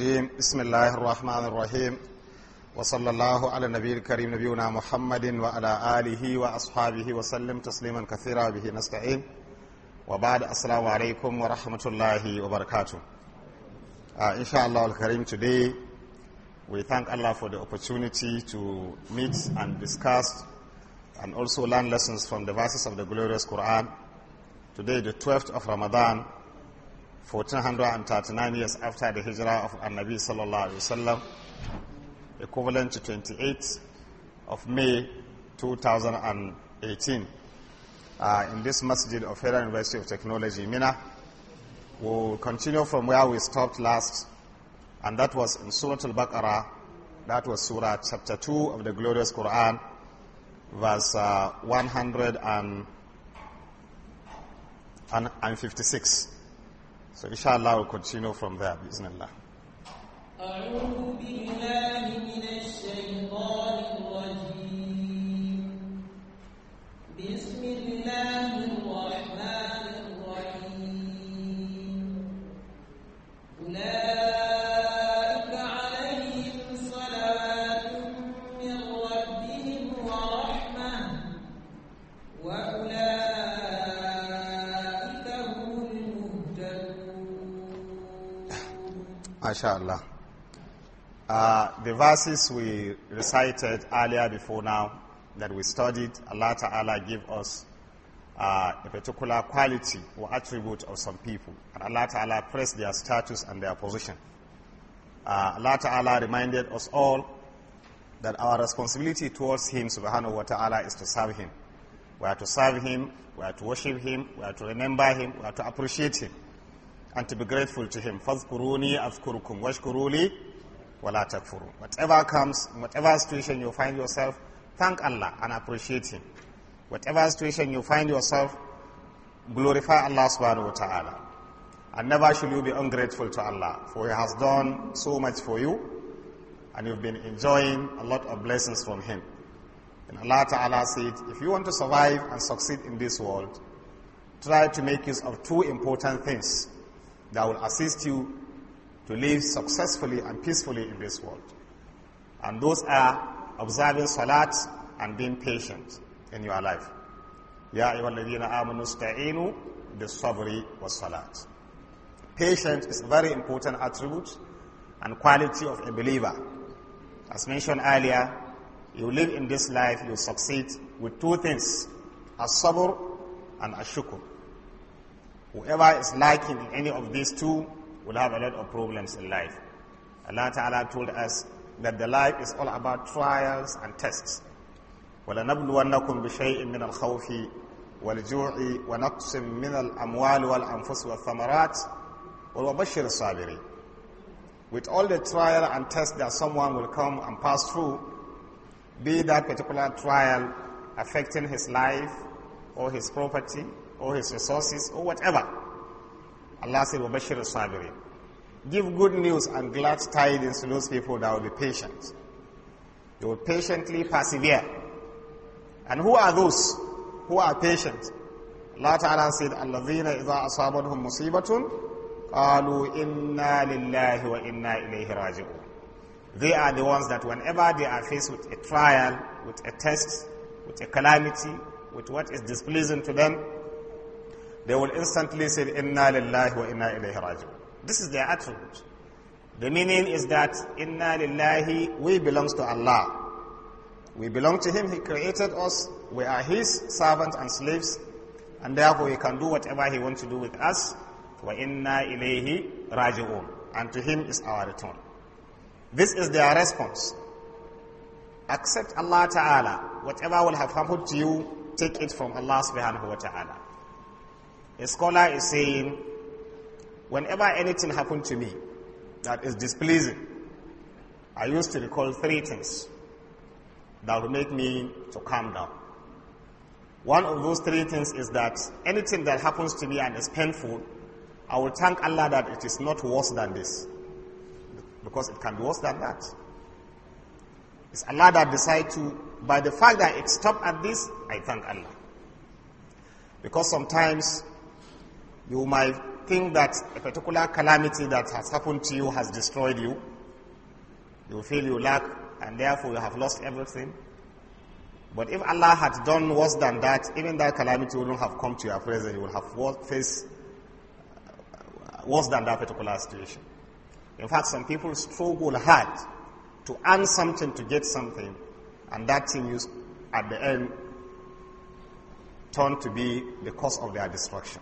الرجيم بسم الله الرحمن الرحيم وصلى الله على النبي الكريم نبينا محمد وعلى آله وأصحابه وسلم تسليما كثيرا به نستعين وبعد السلام عليكم ورحمة الله وبركاته uh, Inshallah al-Karim today we thank Allah for the opportunity to meet and discuss and also learn lessons from the verses of the glorious Quran today the 12th of Ramadan 1439 years after the hijrah of An-Nabi sallallahu wasallam, equivalent to 28th of May 2018. Uh, in this masjid of Federal University of Technology, Mina, we'll continue from where we stopped last, and that was in Surah Al-Baqarah, that was Surah chapter 2 of the glorious Quran, verse uh, 156. So inshallah we'll continue from there. Bismillah. MashaAllah. Uh, the verses we recited earlier before now that we studied, Allah Ta'ala give us uh, a particular quality or attribute of some people. And Allah Ta'ala praised their status and their position. Uh, Allah Ta'ala reminded us all that our responsibility towards Him, subhanahu wa ta'ala, is to serve Him. We are to serve Him, we are to worship Him, we are to remember Him, we are to appreciate Him and to be grateful to Him. Whatever comes, whatever situation you find yourself, thank Allah and appreciate Him. Whatever situation you find yourself, glorify Allah subhanahu wa ta'ala. And never should you be ungrateful to Allah, for He has done so much for you, and you've been enjoying a lot of blessings from Him. And Allah Ta'ala said, if you want to survive and succeed in this world, try to make use of two important things that will assist you to live successfully and peacefully in this world. And those are observing salat and being patient in your life. Ya ayyuhalladhina amanu ista'inu bis-sabri was-salat. Patience is a very important attribute and quality of a believer. As mentioned earlier, you live in this life, you succeed with two things, as-sabr and as shukr Whoever is lacking in any of these two will have a lot of problems in life. Allah Ta'ala told us that the life is all about trials and tests. وَلَنَبْلُوَنَّكُمْ بِشَيْءٍ مِّنَ الْخَوْفِ وَالْجُوعِ مِّنَ الْأَمْوَالِ وَالْأَنفُسِ وَالثَّمَرَاتِ وَالْوَبَشِّرِ With all the trial and test that someone will come and pass through, be that particular trial affecting his life or his property or his resources or whatever. Allah said, of الصَّابِرِينَ Give good news and glad tidings to those people that will be patient. They will patiently persevere. And who are those who are patient? Allah Ta'ala said, الَّذِينَ إِذَا أَصَابَتْهُمْ مُصِيبَةٌ قَالُوا إِنَّا لِلَّهِ وَإِنَّا إِلَيْهِ رَاجِعُونَ They are the ones that whenever they are faced with a trial, with a test, with a calamity, with what is displeasing to them, they will instantly say, Inna lillahi wa inna ilayhi raji'un. This is their attribute. The meaning is that, Inna lillahi, we belongs to Allah. We belong to Him, He created us, we are His servants and slaves, and therefore He can do whatever He wants to do with us. Wa inna ilayhi raji'un. And to Him is our return. This is their response. Accept Allah Ta'ala. Whatever will have happened to you, take it from Allah subhanahu wa ta'ala. A scholar is saying, whenever anything happened to me that is displeasing, I used to recall three things that would make me to calm down. One of those three things is that anything that happens to me and is painful, I will thank Allah that it is not worse than this. Because it can be worse than that. It's Allah that decides to, by the fact that it stopped at this, I thank Allah. Because sometimes you might think that a particular calamity that has happened to you has destroyed you. You feel you lack and therefore you have lost everything. But if Allah had done worse than that, even that calamity wouldn't have come to your presence. You would have faced uh, worse than that particular situation. In fact, some people struggle hard to earn something to get something, and that thing is at the end turned to be the cause of their destruction.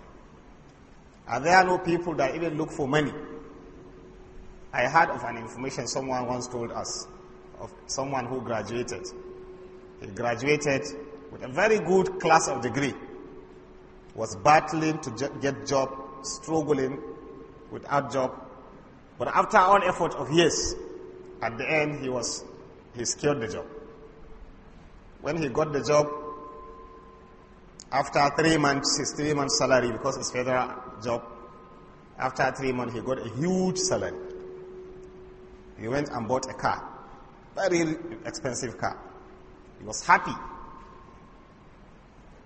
Are there no people that even look for money? I heard of an information someone once told us of someone who graduated. He graduated with a very good class of degree, was battling to get job, struggling without job. But after all effort of years, at the end he was he secured the job. When he got the job, after three months, his three months salary because it's federal job. After three months, he got a huge salary. He went and bought a car, very expensive car. He was happy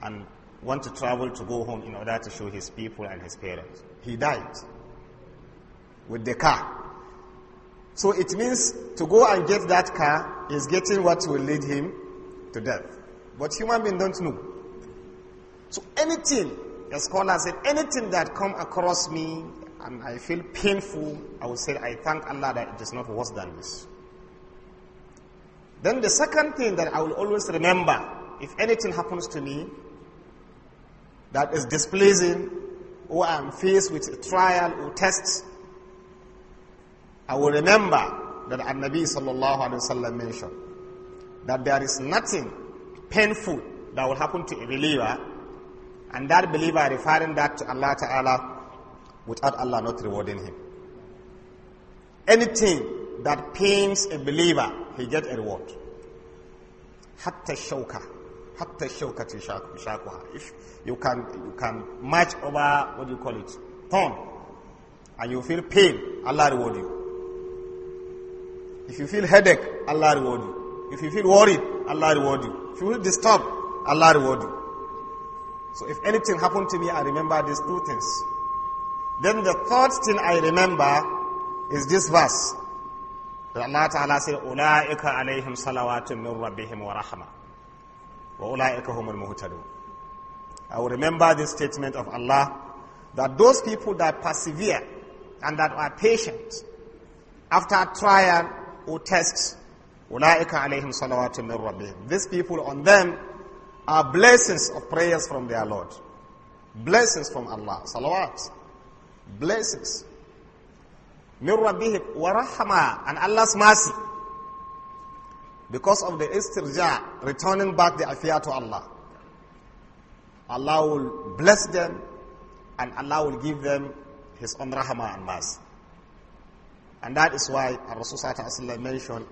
and want to travel to go home in order to show his people and his parents. He died with the car. So it means to go and get that car is getting what will lead him to death. But human beings don't know. So anything a scholar said, anything that come across me and I feel painful, I will say, I thank Allah that it is not worse than this. Then the second thing that I will always remember, if anything happens to me that is displeasing, or I'm faced with a trial or test, I will remember that An Nabi sallallahu alayhi wasallam mentioned that there is nothing painful that will happen to a believer and that believer referring that to Allah Ta'ala without Allah not rewarding him. Anything that pains a believer, he gets a reward. Hatta shawka. Hatta shawka shakuha. If you can, you can march over, what do you call it? Thorn. And you feel pain, Allah reward you. If you feel headache, Allah reward you. If you feel worried, Allah reward you. If you feel disturbed, Allah reward you. So if anything happened to me, I remember these two things. Then the third thing I remember is this verse. That Allah Ta'ala said, أُولَٰئِكَ عَلَيْهِمْ صَلَوَاتٌ مِّن رَبِّهِمْ وَرَحْمَةٌ وَأُولَٰئِكَ هُمُ الْمُهْتَدُونَ I will remember this statement of Allah that those people that persevere and that are patient after trial or tests, أُولَٰئِكَ عَلَيْهِمْ صَلَوَاتٌ مِّن رَبِّهِمْ These people on them are blessings of prayers from their Lord. Blessings from Allah. Salawat. Blessings. Min wa rahma. And Allah's mercy. Because of the istirja, returning back the affair to Allah. Allah will bless them and Allah will give them His own rahmah and mercy. And that is why Rasul mentioned,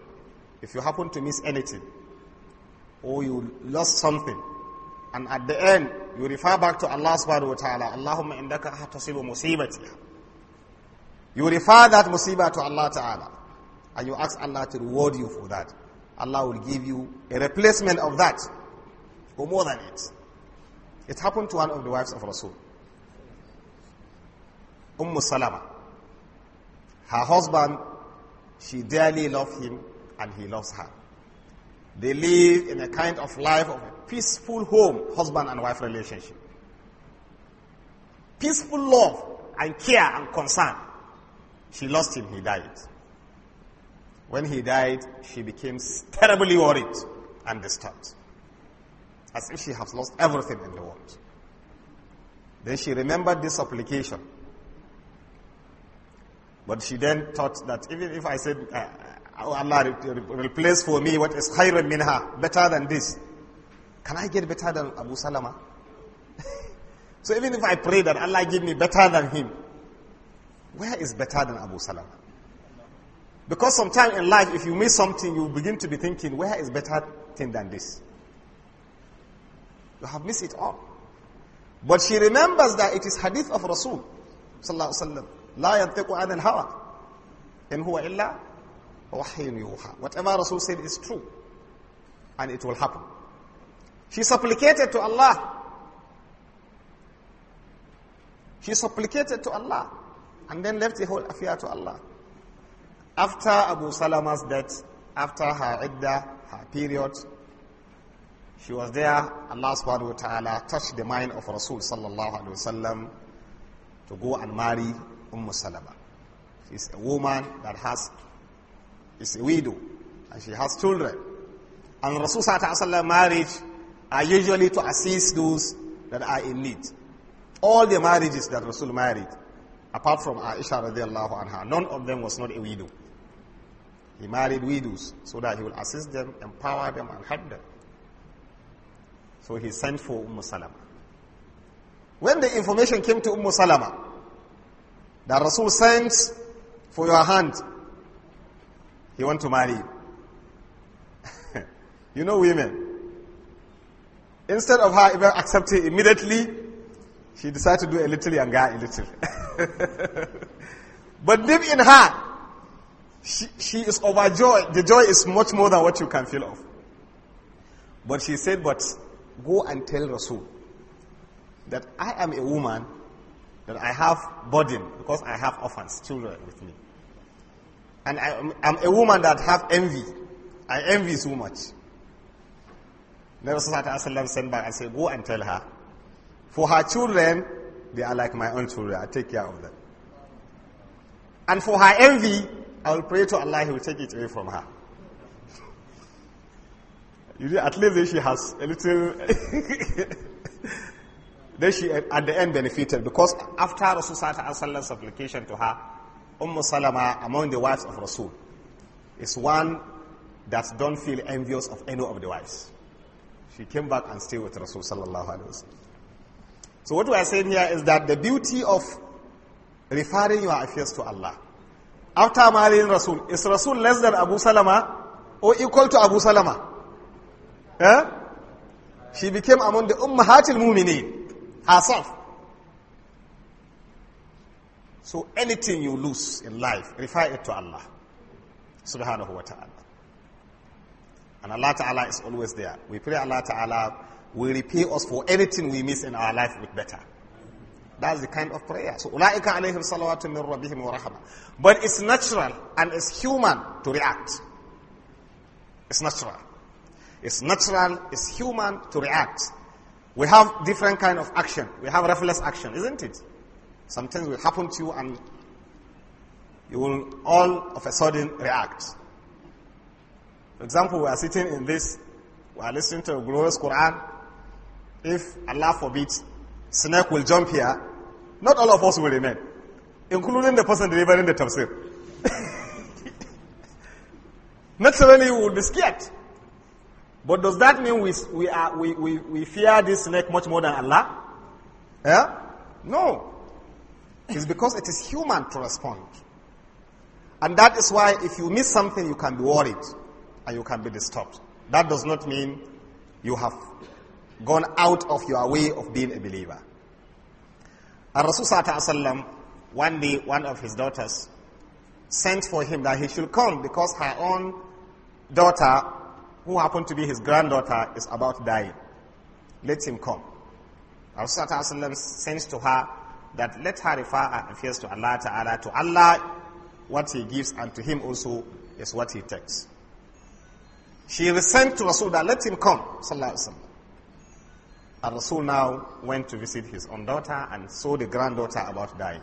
if you happen to miss anything, or you lost something. And at the end, you refer back to Allah subhanahu wa ta'ala. Allahumma indaka hatusibu musibati. You refer that musibah to Allah ta'ala. And you ask Allah to reward you for that. Allah will give you a replacement of that. Or more than it. It happened to one of the wives of Rasul. Umm Salama. Her husband, she dearly loved him and he loves her. They live in a kind of life of a peaceful home, husband and wife relationship. Peaceful love and care and concern. She lost him, he died. When he died, she became terribly worried and disturbed. As if she has lost everything in the world. Then she remembered this supplication. But she then thought that even if I said, uh, Allah oh, Allah, replace for me what is than minha, better than this. Can I get better than Abu Salama? so even if I pray that Allah give me better than him, where is better than Abu Salama? Because sometimes in life, if you miss something, you begin to be thinking, where is better thing than this? You have missed it all. But she remembers that it is hadith of Rasul. Sallallahu Alaihi Wasallam. لا ينطق عن الهوى. إن هو Wahyun yuha. Whatever Rasul said is true. And it will happen. She supplicated to Allah. She supplicated to Allah. And then left the whole affair to Allah. After Abu Salama's death, after her idda, her period, she was there. Allah subhanahu wa ta'ala touched the mind of Rasul sallallahu alaihi wasallam to go and marry Umm Salama. She's a woman that has is a widow and she has children. And Rasul Sallallahu marriage are usually to assist those that are in need. All the marriages that Rasul married, apart from Aisha radiallahu anha, none of them was not a widow. He married widows so that he will assist them, empower them, and help them. So he sent for Umm Salama. When the information came to Umm Salama that Rasul sent for your hand he want to marry. you know women. Instead of her even accepting immediately, she decided to do a little younger, a little. but deep in her, she, she is overjoyed. The joy is much more than what you can feel of. But she said, but go and tell Rasul that I am a woman, that I have burden because I have orphans, children with me. And I, am a woman that have envy. I envy so much. Never Rasulullah sent back and said, go and tell her. For her children, they are like my own children. I take care of them. And for her envy, I will pray to Allah, He will take it away from her. You at least she has a little. then she, at the end, benefited because after Rasul's supplication to her, Umm Salama among the wives of Rasul is one that don't feel envious of any of the wives. She came back and stayed with Rasul sallallahu So what we are saying here is that the beauty of referring your affairs to Allah. After marrying Rasul, is Rasul less than Abu Salama or equal to Abu Salama? Eh? She became among the Ummahatil Mumineen herself. So anything you lose in life, refer it to Allah. Subhanahu wa ta'ala. And Allah Ta'ala is always there. We pray Allah Ta'ala will repay us for anything we miss in our life with better. That's the kind of prayer. So, أُولَٰئِكَ عَلَيْهِمْ صَلَوَاتٌ مِّن But it's natural and it's human to react. It's natural. It's natural, it's human to react. We have different kind of action. We have reflex action, isn't it? Sometimes will happen to you and you will all of a sudden react. For example, we are sitting in this, we are listening to the glorious Quran. If Allah forbid, snake will jump here, not all of us will remain, including the person delivering the tafsir. Naturally, we will be scared. But does that mean we, we, are, we, we, we fear this snake much more than Allah? Yeah? No is because it is human to respond. And that is why if you miss something, you can be worried and you can be disturbed. That does not mean you have gone out of your way of being a believer. And Rasul one day, one of his daughters sent for him that he should come because her own daughter, who happened to be his granddaughter, is about dying. Let him come. Rasul sends to her that let her refer her affairs to Allah Ta'ala. To Allah, what He gives, and to Him also is what He takes. She sent to Rasul that let him come. Sallallahu Alaihi Wasallam. And Rasul now went to visit his own daughter and saw the granddaughter about dying.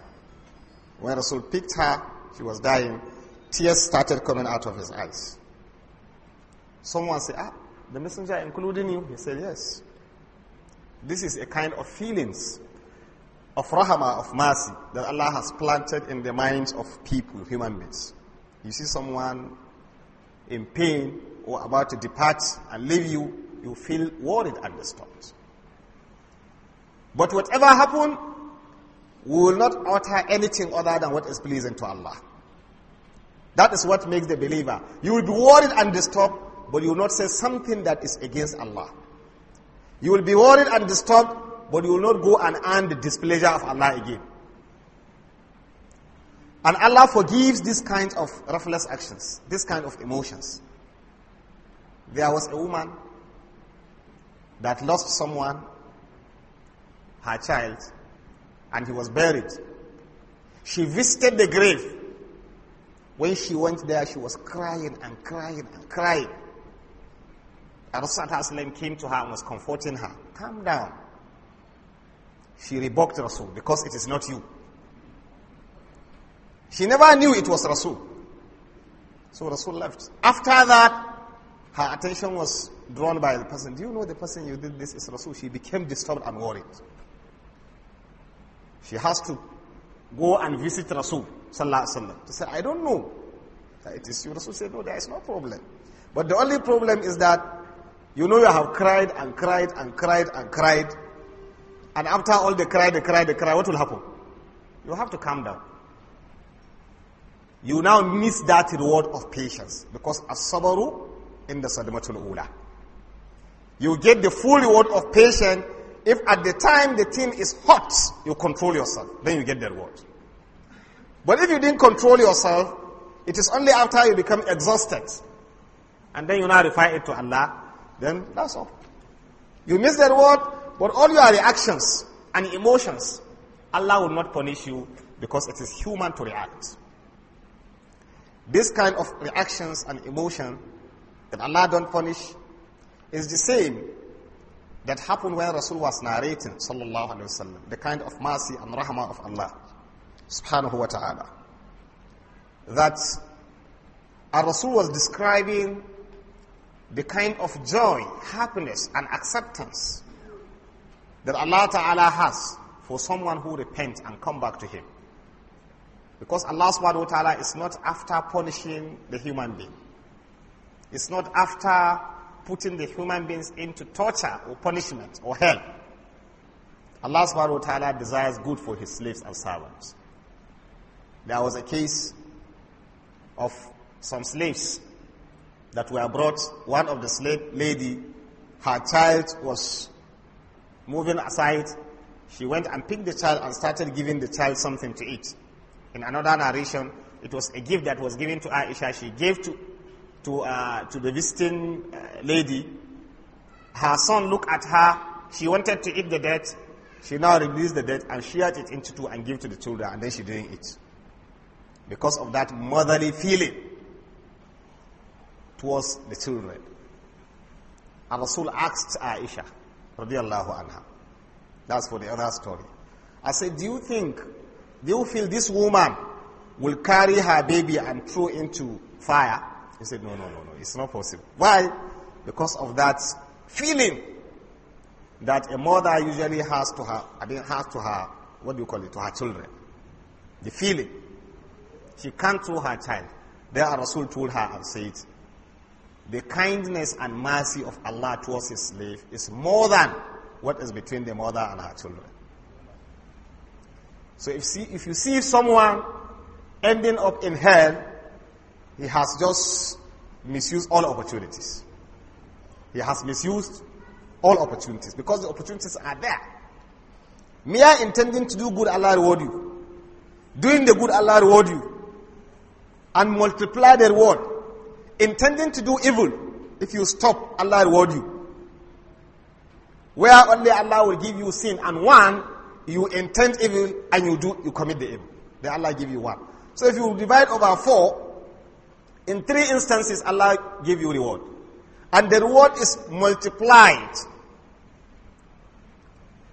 When Rasul picked her, she was dying. Tears started coming out of his eyes. Someone said, Ah, the messenger including you? He said, Yes. This is a kind of feelings of rahama, of mercy that Allah has planted in the minds of people, human beings. You see someone in pain or about to depart and leave you, you feel worried and disturbed. But whatever happen, we will not utter anything other than what is pleasing to Allah. That is what makes the believer. You will be worried and disturbed, but you will not say something that is against Allah. You will be worried and disturbed, but you will not go and earn the displeasure of Allah again. And Allah forgives these kind of ruthless actions, these kind of emotions. There was a woman that lost someone, her child, and he was buried. She visited the grave. When she went there, she was crying and crying and crying. And Rasul came to her and was comforting her. Calm down she rebuked Rasul because it is not you. She never knew it was Rasul. So Rasul left. After that, her attention was drawn by the person. Do you know the person you did this is Rasul? She became disturbed and worried. She has to go and visit Rasul sallallahu alaihi wasallam to say, I don't know. It is you. Rasul said, no, there is no problem. But the only problem is that you know you have cried and cried and cried and cried and after all the cry, they cry, they cry, what will happen? You have to calm down. You now miss that reward of patience because as-sabaru in the sadmatul ula. You get the full reward of patience if at the time the thing is hot, you control yourself, then you get the reward. But if you didn't control yourself, it is only after you become exhausted and then you now refer it to Allah, then that's all. You miss the reward, but all your reactions and emotions, Allah will not punish you because it is human to react. This kind of reactions and emotion that Allah don't punish is the same that happened when Rasul was narrating sallallahu alaihi wasallam the kind of mercy and rahmah of Allah subhanahu wa ta'ala that Rasul was describing the kind of joy, happiness and acceptance that Allah Ta'ala has for someone who repents and come back to Him. Because Allah subhanahu wa ta'ala is not after punishing the human being. It's not after putting the human beings into torture or punishment or hell. Allah subhanahu wa ta'ala desires good for his slaves and servants. There was a case of some slaves that were brought. One of the slave lady, her child was moving aside, she went and picked the child and started giving the child something to eat. In another narration, it was a gift that was given to Aisha. She gave to, to, uh, to the visiting uh, lady. Her son looked at her. She wanted to eat the dead. She now released the dead and shared it into two and gave to the children, and then she didn't eat. Because of that motherly feeling towards the children. And Rasul asked Aisha, radiallahu anha. That's for the other story. I said, do you think, do you feel this woman will carry her baby and throw into fire? He said, no, no, no, no, it's not possible. Why? Because of that feeling that a mother usually has to her, I mean, has to her, what do you call it, to her children. The feeling. She can't throw her child. There, Rasul told her and said, the kindness and mercy of Allah towards his slave is more than what is between the mother and her children. So if, see, if you see someone ending up in hell, he has just misused all opportunities. He has misused all opportunities because the opportunities are there. Mere intending to do good, Allah reward you. Doing the good, Allah reward you. And multiply the reward intending to do evil, if you stop, Allah reward you. Where only Allah will give you sin and one, you intend evil and you do, you commit the evil. Then Allah give you one. So if you divide over four, in three instances Allah give you reward. And the reward is multiplied.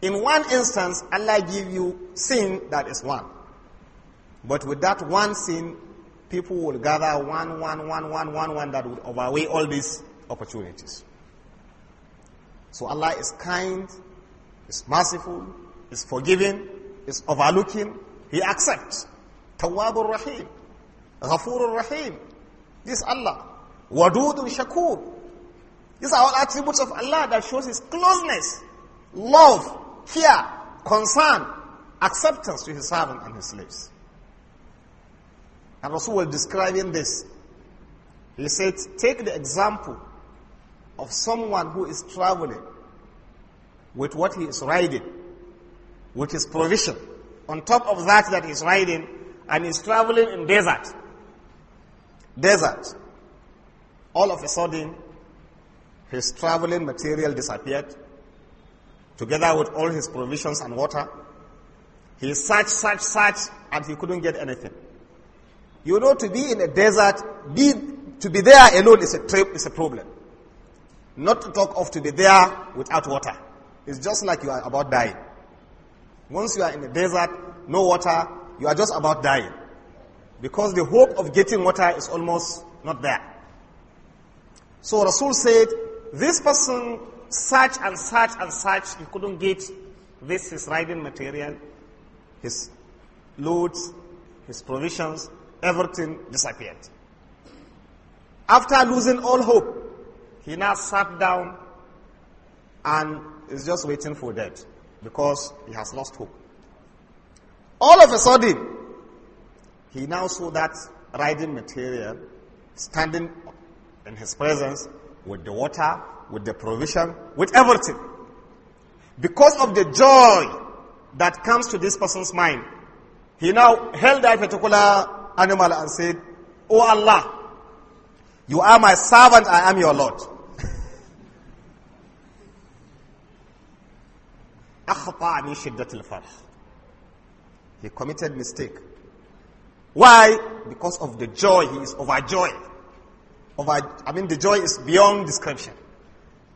In one instance, Allah give you sin that is one. But with that one sin, people will gather one, one, one, one, one, one that would outweigh all these opportunities. So Allah is kind, is merciful, is forgiving, is overlooking. He accepts. Tawwabur Rahim. Ghafurur Rahim. This Allah. Wadudun Shakur. These are all attributes of Allah that shows His closeness, love, care, concern, acceptance to His servant and His slaves. And Rasul was describing this. He said, take the example of someone who is traveling with what he is riding, with his provision. On top of that that he's riding, and he's traveling in desert. Desert. All of a sudden, his traveling material disappeared, together with all his provisions and water. He searched, searched, searched, and he couldn't get anything. You know, to be in a desert, be, to be there alone is a, trip, is a problem. Not to talk of to be there without water. It's just like you are about dying. Once you are in a desert, no water, you are just about dying. Because the hope of getting water is almost not there. So Rasul said, this person searched and searched and searched, he couldn't get this, his riding material, his loads, his provisions, everything disappeared. After losing all hope, he now sat down and is just waiting for death because he has lost hope. All of a sudden, he now saw that riding material standing in his presence with the water, with the provision, with everything. Because of the joy that comes to this person's mind, he now held that particular animal and said, Oh Allah, you are my servant, I am your Lord. he committed mistake. Why? Because of the joy. He is overjoyed. Over, I mean, the joy is beyond description.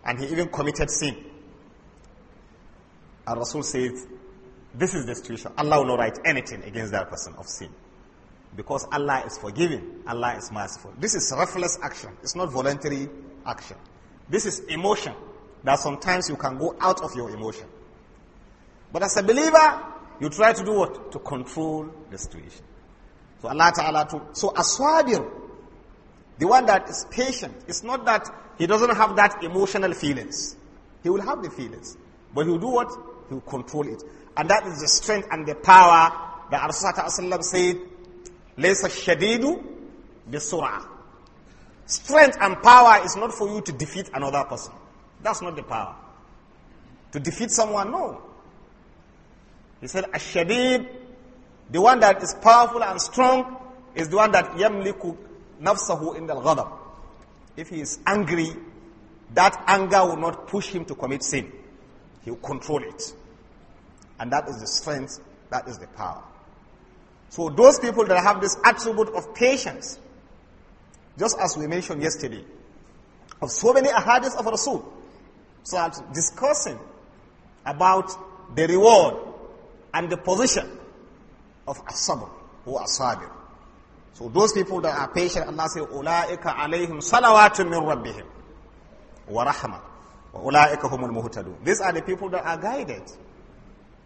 And he even committed sin. And Rasul says, this is the situation. Allah will not write anything against that person of sin. Because Allah is forgiving, Allah is merciful. This is reflex action, it's not voluntary action. This is emotion that sometimes you can go out of your emotion. But as a believer, you try to do what? To control the situation. So Allah Ta'ala to so aswabir, the one that is patient, it's not that he doesn't have that emotional feelings. He will have the feelings. But he'll do what? He'll control it. And that is the strength and the power that Rasulullah said لَيْسَ الشَّدِيدُ بِسُرْعَةٍ Strength and power is not for you to defeat another person. That's not the power. To defeat someone, no. He said, shadid, the one that is powerful and strong, is the one that yamliku nafsahu in al If he is angry, that anger will not push him to commit sin. He will control it. And that is the strength, that is the power. So those people that have this attribute of patience, just as we mentioned yesterday, of so many ahadis of Rasul, so discussing about the reward and the position of as-sabr or as So those people that are patient, Allah says, أُولَٰئِكَ عَلَيْهِمْ صَلَوَاتٌ مِّن رَبِّهِمْ وَرَحْمَةٌ وَأُولَٰئِكَ هُمُ الْمُهْتَدُونَ These are the people that are guided.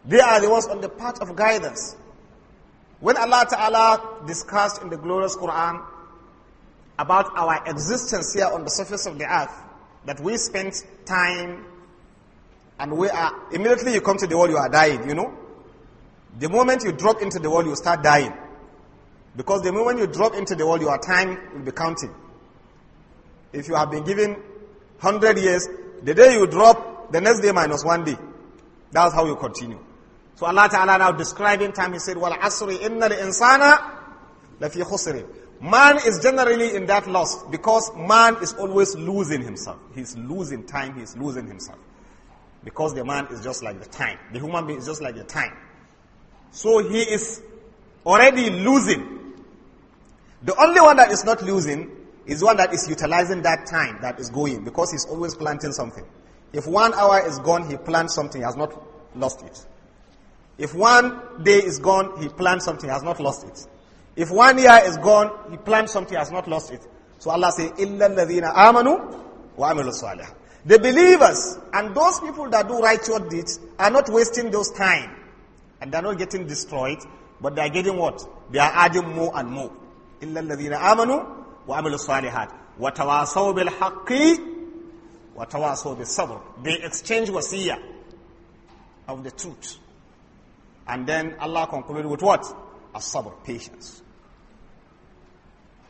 They are the ones on the path of guidance. When Allah Ta'ala discussed in the glorious Quran about our existence here on the surface of the earth, that we spend time and we are, immediately you come to the world, you are dying, you know? The moment you drop into the world, you start dying. Because the moment you drop into the world, your time will be counting. If you have been given 100 years, the day you drop, the next day minus one day. That's how you continue. So Allah Ta'ala now describing time, He said, Wal asri innal insana lafi khusri. Man is generally in that loss because man is always losing himself. He's losing time, he's losing himself. Because the man is just like the time. The human being is just like the time. So he is already losing. The only one that is not losing is one that is utilizing that time that is going because he's always planting something. If one hour is gone, he plants something, he has not lost it. If one day is gone, he planned something, has not lost it. If one year is gone, he planned something, has not lost it. So Allah says, إِلَّا الَّذِينَ آمَنُوا وَعَمِلُوا الصَّالِحَةِ The believers and those people that do righteous deeds are not wasting those time. And they're not getting destroyed, but they're getting what? They are adding more and more. إِلَّا الَّذِينَ آمَنُوا وَعَمِلُوا الصَّالِحَاتِ وَتَوَاصَوْا بِالْحَقِّ وَتَوَاصَوْا بِالصَّبْرِ They exchange wasiyah of the truth. And then Allah concluded with what? A sabr patience.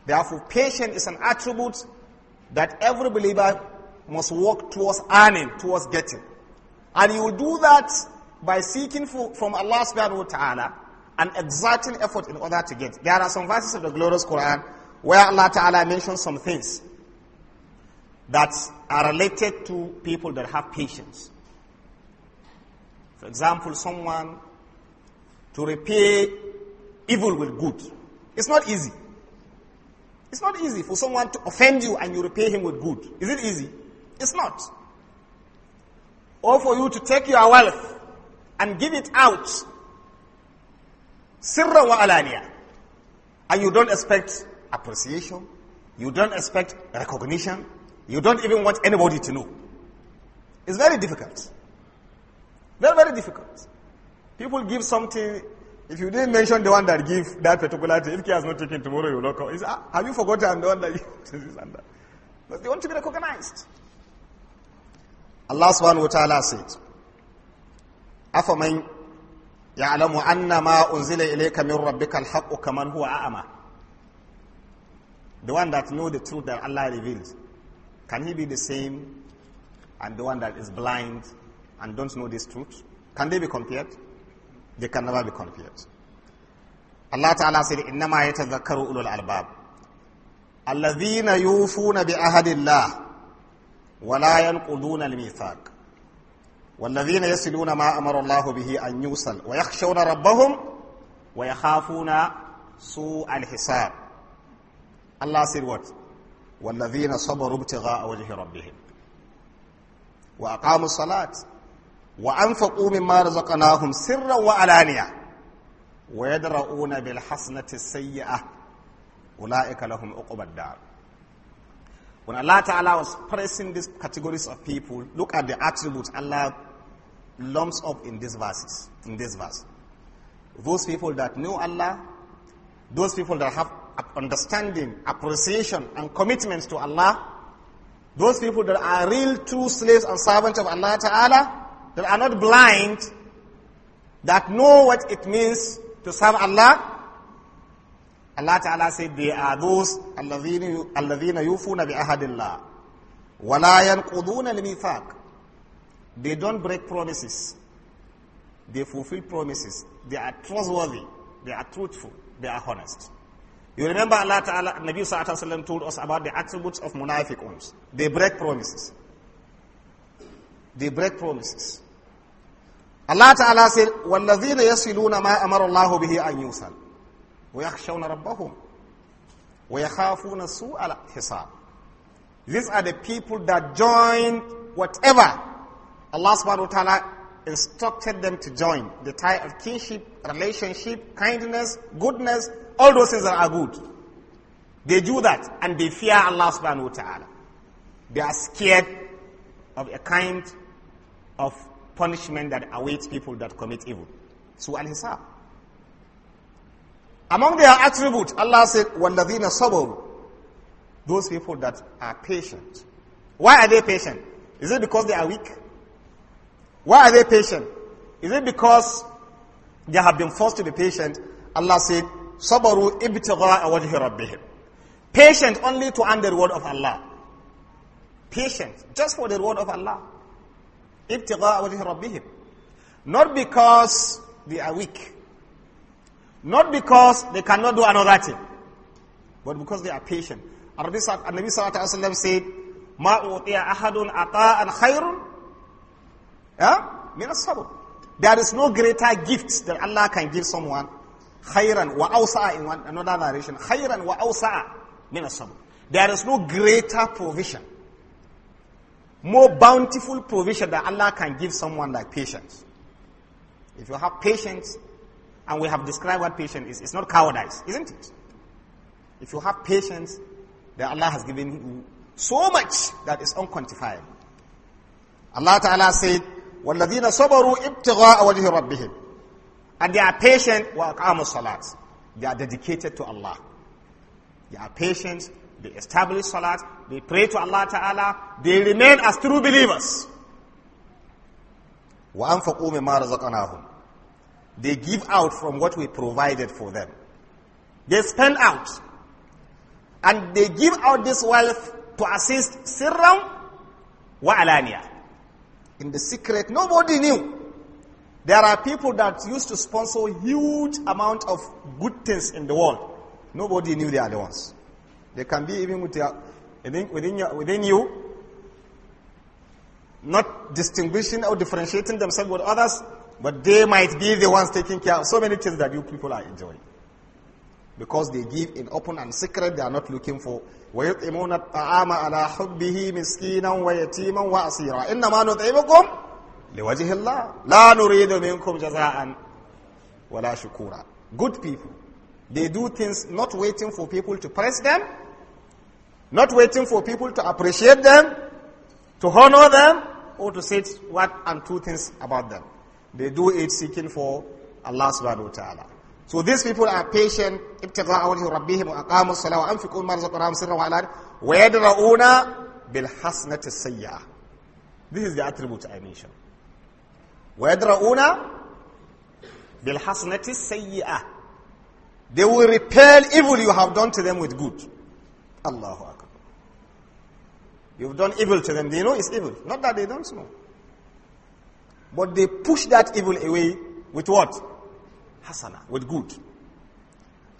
Therefore, patience is an attribute that every believer must work towards earning, towards getting. And you will do that by seeking for, from Allah subhanahu wa ta'ala an exerting effort in order to get. There are some verses of the glorious Quran where Allah ta'ala mentions some things that are related to people that have patience. For example, someone to repay evil with good. It's not easy. It's not easy for someone to offend you and you repay him with good. Is it easy? It's not. Or for you to take your wealth and give it out sirra wa alania and you don't expect appreciation, you don't expect recognition, you don't even want anybody to know. It's very difficult. Very, very difficult. People give something. If you didn't mention the one that give that particular thing, if he has not taken tomorrow, you will not ah, have you forgotten the one that you this Because they want to be recognized. Allah subhanahu wa ta'ala said, أَفَمَنْ يَعْلَمُ أَنَّ مَا أُنزِلَ إِلَيْكَ مِنْ رَبِّكَ الْحَقُّ كَمَنْ هُوَ أَعْمَى The one that know the truth that Allah reveals, can he be the same and the one that is blind and don't know this truth? Can they be compared? They can never be confused. Allah Ta'ala said, إِنَّمَا يَتَذَكَّرُ أُولُو الْأَلْبَابِ الَّذِينَ يُوفُونَ بِأَهَدِ اللَّهِ وَلَا يَنْقُضُونَ الْمِيثَاقِ وَالَّذِينَ يَصِلُونَ مَا أَمَرَ اللَّهُ بِهِ أَنْ يُوصَلَ وَيَخْشَوْنَ رَبَّهُمْ وَيَخَافُونَ سُوءَ الْحِسَابِ Allah said what? وَالَّذِينَ صَبَرُوا ابْتِغَاءَ وَجْهِ رَبِّهِمْ وَأَقَامُوا الصَّلَاةِ وأنفقوا مما رزقناهم سرا وعلانية ويدرؤون بالحسنة السيئة أولئك لهم عقبى الدار When Allah Ta'ala was pressing these categories of people, look at the attributes Allah lumps up in these verses, in this verse. Those people that know Allah, those people that have understanding, appreciation, and commitments to Allah, those people that are real true slaves and servants of Allah Ta'ala, that are not blind, that know what it means to serve Allah, Allah Ta'ala said, they are those الَّذِينَ يُوفُونَ بِأَهَدِ اللَّهِ وَلَا يَنْقُضُونَ الْمِيثَاقِ They don't break promises. They fulfill promises. They are trustworthy. They are truthful. They are honest. You remember Allah Ta'ala, Nabi Sallallahu Alaihi Wasallam told us about the attributes of munafiquns. They break promises. They break promises. Allah Ta'ala said, وَالَّذِينَ يَصِلُونَ مَا أَمَرَ اللَّهُ بِهِ أَنْ يُوصَلْ وَيَخْشَوْنَ رَبَّهُمْ وَيَخَافُونَ سُوءَ الْحِسَابِ These are the people that join whatever Allah subhanahu wa ta'ala instructed them to join. The tie of kinship, relationship, kindness, goodness, all those things that are good. They do that and they fear Allah subhanahu wa ta'ala. They are scared of a kind of punishment that awaits people that commit evil. So al-hisab. Among their attributes, Allah said, وَالَّذِينَ صَبَرُوا Those people that are patient. Why are they patient? Is it because they are weak? Why are they patient? Is it because they have been forced to be patient? Allah said, صَبَرُوا إِبْتِغَاءَ وَجْهِ Patient only to earn the reward of Allah. Patient, just for the reward of Allah. ابتغاء وجه ربهم not because they are weak not because they cannot do another thing but because they are patient النبي صلى الله عليه وسلم said ما أعطي أحد عطاء خير من الصبر there is no greater gift that Allah can give someone خيرا وأوسع in one, another narration خيرا وأوسع من الصبر there is no greater provision more bountiful provision that Allah can give someone like patience. If you have patience, and we have described what patience is, it's not cowardice, isn't it? If you have patience, then Allah has given you so much that is unquantifiable. Allah Ta'ala said, وَالَّذِينَ صَبَرُوا ابْتِغَاءَ وَجْهِ رَبِّهِمْ And they are patient, وَأَقَامُوا الصَّلَاةِ They are dedicated to Allah. They are patient they establish salat, they pray to Allah Ta'ala, they remain as true believers. They give out from what we provided for them. They spend out. And they give out this wealth to assist sirram wa alania. In the secret, nobody knew. There are people that used to sponsor huge amount of good things in the world. Nobody knew they are the ones. They can be even with your, within, within, your, within you, not distinguishing or differentiating themselves with others, but they might be the ones taking care of so many things that you people are enjoying. Because they give in open and secret, they are not looking for. وَيُطْعِمُونَ الطَّعَامَ عَلَىٰ حُبِّهِ مِسْكِينًا وَيَتِيمًا وَأَسِيرًا إِنَّمَا نُطْعِمُكُمْ لِوَجْهِ اللَّهِ لَا نُرِيدُ مِنْكُمْ جَزَاءً وَلَا شُكُورًا Good people, they do things not waiting for people to praise them, not waiting for people to appreciate them, to honor them, or to say what untrue things about them. They do it seeking for Allah subhanahu wa ta'ala. So these people are patient. ابتغاء وجه ربهم وأقاموا الصلاة وأنفقوا رزقناهم سرا ويدرؤون بالحسنة السيئة. This is the attribute I mentioned. ويدرؤون بالحسنة السيئة. They will repel evil you have done to them with good. Allahu You've done evil to them. They know it's evil. Not that they don't know. But they push that evil away with what? Hasana, with good.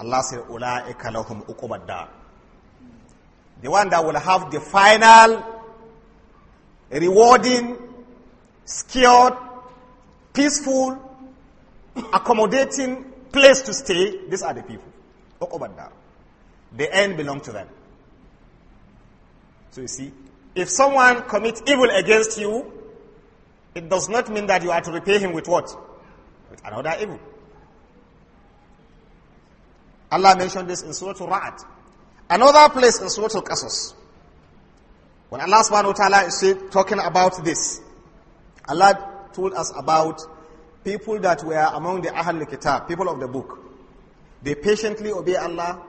Allah said, Ula'ika lahum uqubad The one that will have the final, rewarding, secure, peaceful, accommodating place to stay, these are the people. Uqubad The end belongs to them. So you see, if someone commits evil against you, it does not mean that you are to repay him with what? With another evil. Allah mentioned this in Surah Ra'at. Another place in Surah Al-Qasas. When Allah subhanahu wa ta'ala is talking about this, Allah told us about people that were among the Ahlul Kitab, people of the book. They patiently obey Allah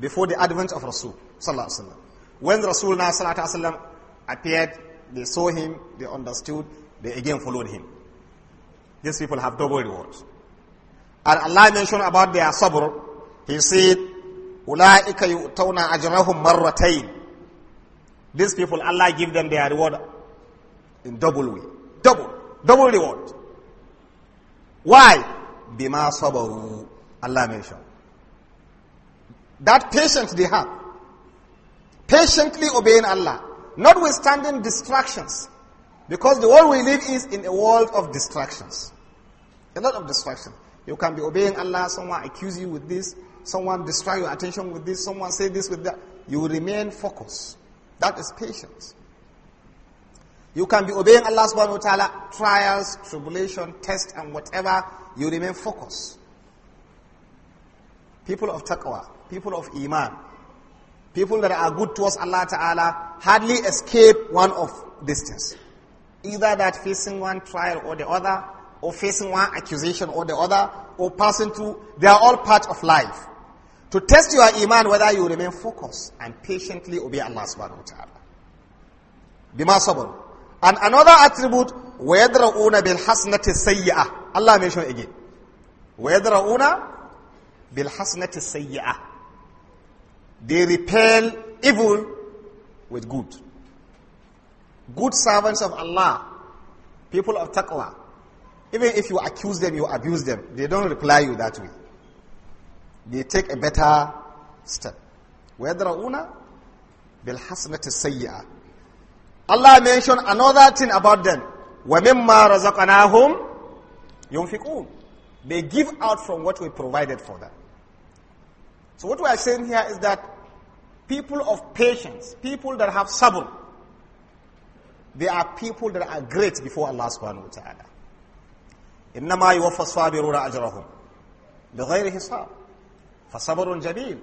before the advent of Rasul sallallahu alaihi wasallam. When Rasulullah Wasallam appeared, they saw him, they understood, they again followed him. These people have double rewards. And Allah mentioned about their sabr, He said, أُولَٰئِكَ يُؤْتَوْنَ أَجْرَهُمْ مَرَّتَيْنِ These people, Allah give them their reward in double way. Double. Double reward. Why? Bima sabaru. Allah mentioned. That patience they have. Patiently obeying Allah, notwithstanding distractions. Because the world we live is in a world of distractions. A lot of distraction. You can be obeying Allah, someone accuse you with this, someone distract your attention with this, someone say this with that. You remain focused. That is patience. You can be obeying Allah subhanahu wa ta'ala, trials, tribulation, test, and whatever, you remain focused. People of taqwa, people of iman, People that are good towards Allah Ta'ala hardly escape one of these things. Either that facing one trial or the other, or facing one accusation or the other, or passing through, they are all part of life. To test your iman whether you remain focused and patiently obey Allah subhanahu wa ta'ala. Bima sabr. And another attribute, وَيَدْرَؤُونَ بِالْحَسْنَةِ السَّيِّئَةِ Allah mentioned again. وَيَدْرَؤُونَ بِالْحَسْنَةِ السَّيِّئَةِ they repel evil with good. Good servants of Allah, people of taqwa, even if you accuse them, you abuse them, they don't reply you that way. They take a better step. Allah mentioned another thing about them. وَمِمَّا رَزَقَنَاهُمْ يُنْفِقُونَ They give out from what we provided for them. So what we are saying here is that people of patience, people that have sabr, they are people that are great before Allah subhanahu wa ta'ala. إنما يوفى الصابرون أجرهم بغير حساب فصبر جميل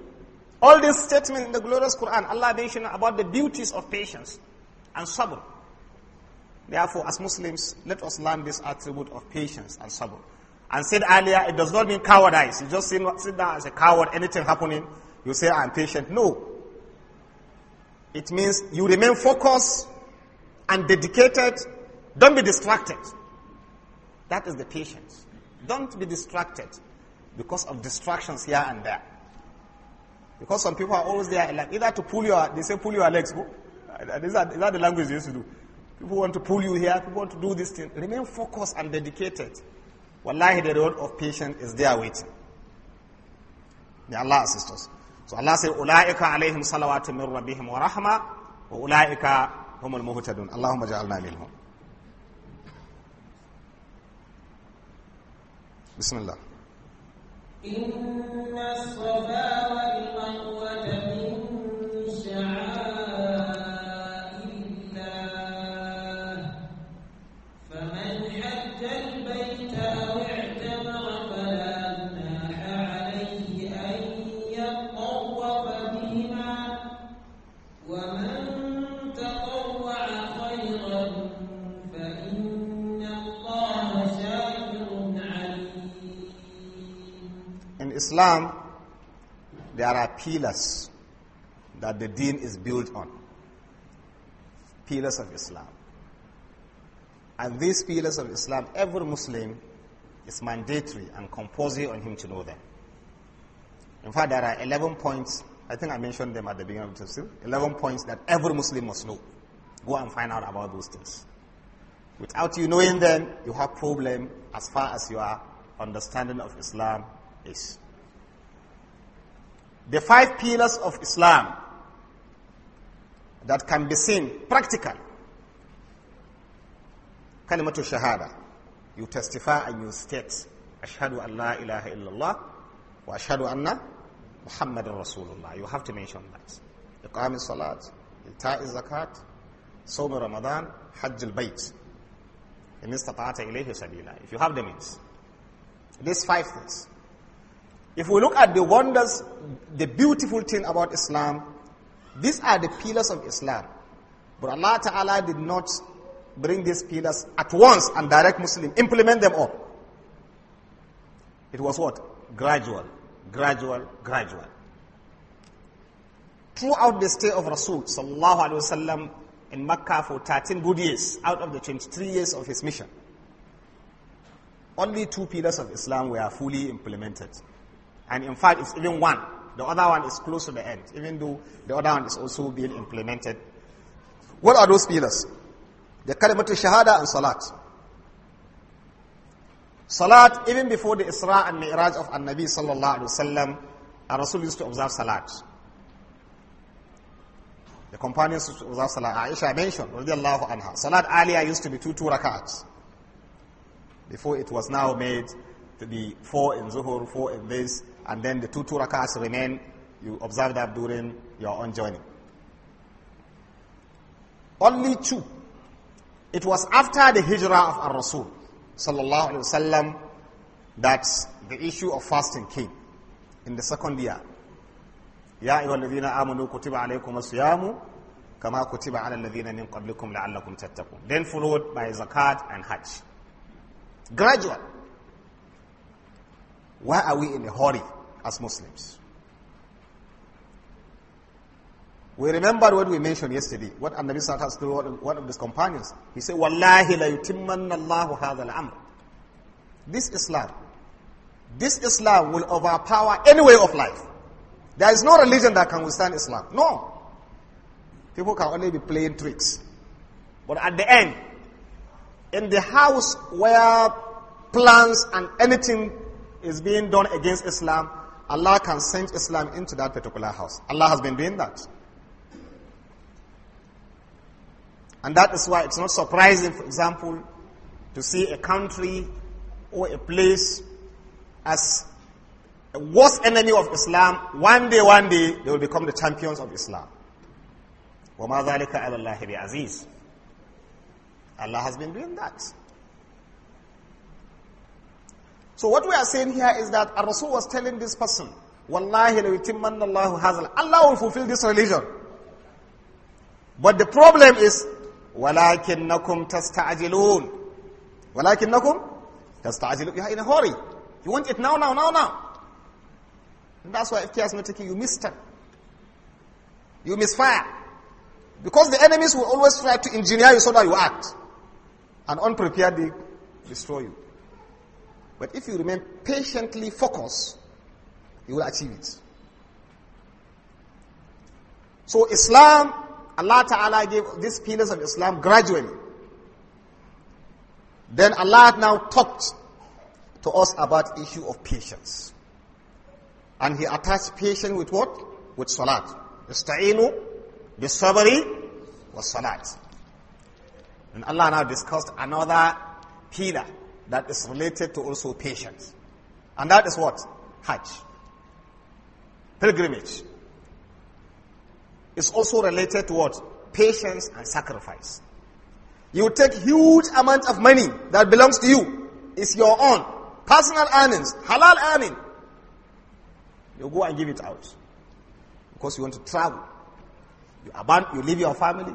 All these statements in the glorious Quran, Allah mentioned about the beauties of patience and sabr. Therefore, as Muslims, let us learn this attribute of patience and sabr. And said earlier, it does not mean cowardice. You just sit, sit down as a coward, anything happening, you say, I'm patient. No. It means you remain focused and dedicated. Don't be distracted. That is the patience. Don't be distracted because of distractions here and there. Because some people are always there, like either to pull your, they say pull your legs. Is that, is that the language they used to do? People want to pull you here, people want to do this thing. Remain focused and dedicated. wallahi the road of patience is there waiting may Allah assist us so Allah say ulaika alaihim salawatu min rabbihim wa rahma wa ulaika humul muhtadun Allahumma ja'alna minhum bismillah inna as الصفا Islam, there are pillars that the deen is built on. Pillars of Islam. And these pillars of Islam, every Muslim is mandatory and compulsory on him to know them. In fact, there are 11 points, I think I mentioned them at the beginning of the tafsir, 11 points that every Muslim must know. Go and find out about those things. Without you knowing them, you have problem as far as your understanding of Islam is the five pillars of Islam that can be seen practical. Kalimatu shahada. You testify and you state, Ashhadu an la ilaha illallah wa ashhadu anna Muhammadan Rasulullah. You have to mention that. qamis salat, Ita'i zakat, Sawm Ramadan, Hajj al-Bayt. If you have the means. These five things. If we look at the wonders, the beautiful thing about Islam, these are the pillars of Islam. But Allah Ta'ala did not bring these pillars at once and direct Muslim, implement them all. It was what? Gradual, gradual, gradual. Throughout the stay of Rasul Sallallahu Alaihi Wasallam in Mecca for 13 good years out of the 23 years of his mission, only two pillars of Islam were fully implemented. And in fact, it's even one. The other one is close to the end, even though the other one is also being implemented. What are those pillars? The kalimatul shahada and salat. Salat, even before the Isra and Mi'raj of An-Nabi sallallahu alayhi wa Rasul used to observe salat. The companions used to observe salat. Aisha mentioned, radiallahu anha, salat earlier used to be two, two rakats. Before it was now made to be four in Zuhur, four in this, and then the two two remain, you observe that during your own journey. Only two. It was after the hijrah of our Rasul sallallahu alaihi wasallam that the issue of fasting came in the second year. Ya أيها الذين آمنوا كتب عليكم الصيام كما كتب على Then followed by zakat and hajj. Gradual. Why are we in a hurry as Muslims? We remember what we mentioned yesterday, what Nabi Sallallahu told one of his companions. He said, Wallahi la Allahu hadha al-amr. This Islam, this Islam will overpower any way of life. There is no religion that can withstand Islam. No. People can only be playing tricks. But at the end, in the house where plans and anything is being done against Islam, Allah can send Islam into that particular house. Allah has been doing that. And that is why it's not surprising, for example, to see a country or a place as a worst enemy of Islam. One day, one day, they will become the champions of Islam. Allah has been doing that. So what we are saying here is that Rasul was telling this person, Wallahi Allahu hazal. Allah will fulfill this religion. But the problem is, وَلَكِنَّكُمْ تَسْتَعْجِلُونَ وَلَكِنَّكُمْ تَسْتَعْجِلُونَ You are in a hurry. You want it now, now, now, now. And that's why if care is not taken, you misstep. You misfire. Because the enemies will always try to engineer you so that you act. And unprepared, they destroy you. But if you remain patiently focused, you will achieve it. So Islam, Allah Ta'ala gave these pillars of Islam gradually. Then Allah now talked to us about issue of patience. And he attached patience with what? With salat. the bisabari, was salat. And Allah now discussed another pillar that is related to also patience. And that is what? Hajj. Pilgrimage. It's also related to what? Patience and sacrifice. You take huge amount of money that belongs to you. It's your own. Personal earnings. Halal earning. You go and give it out. Because you want to travel. You abandon, you leave your family.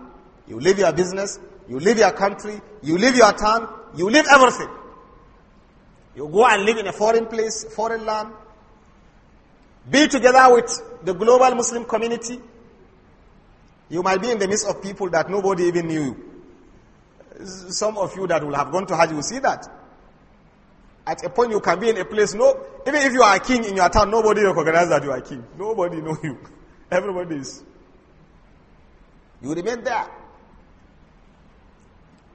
You leave your business. You leave your country. You leave your town. You leave everything. You go and live in a foreign place, foreign land. Be together with the global Muslim community. You might be in the midst of people that nobody even knew. Some of you that will have gone to Hajj will see that. At a point you can be in a place, no, even if you are a king in your town, nobody recognizes that you are a king. Nobody know you. Everybody is. You remain there.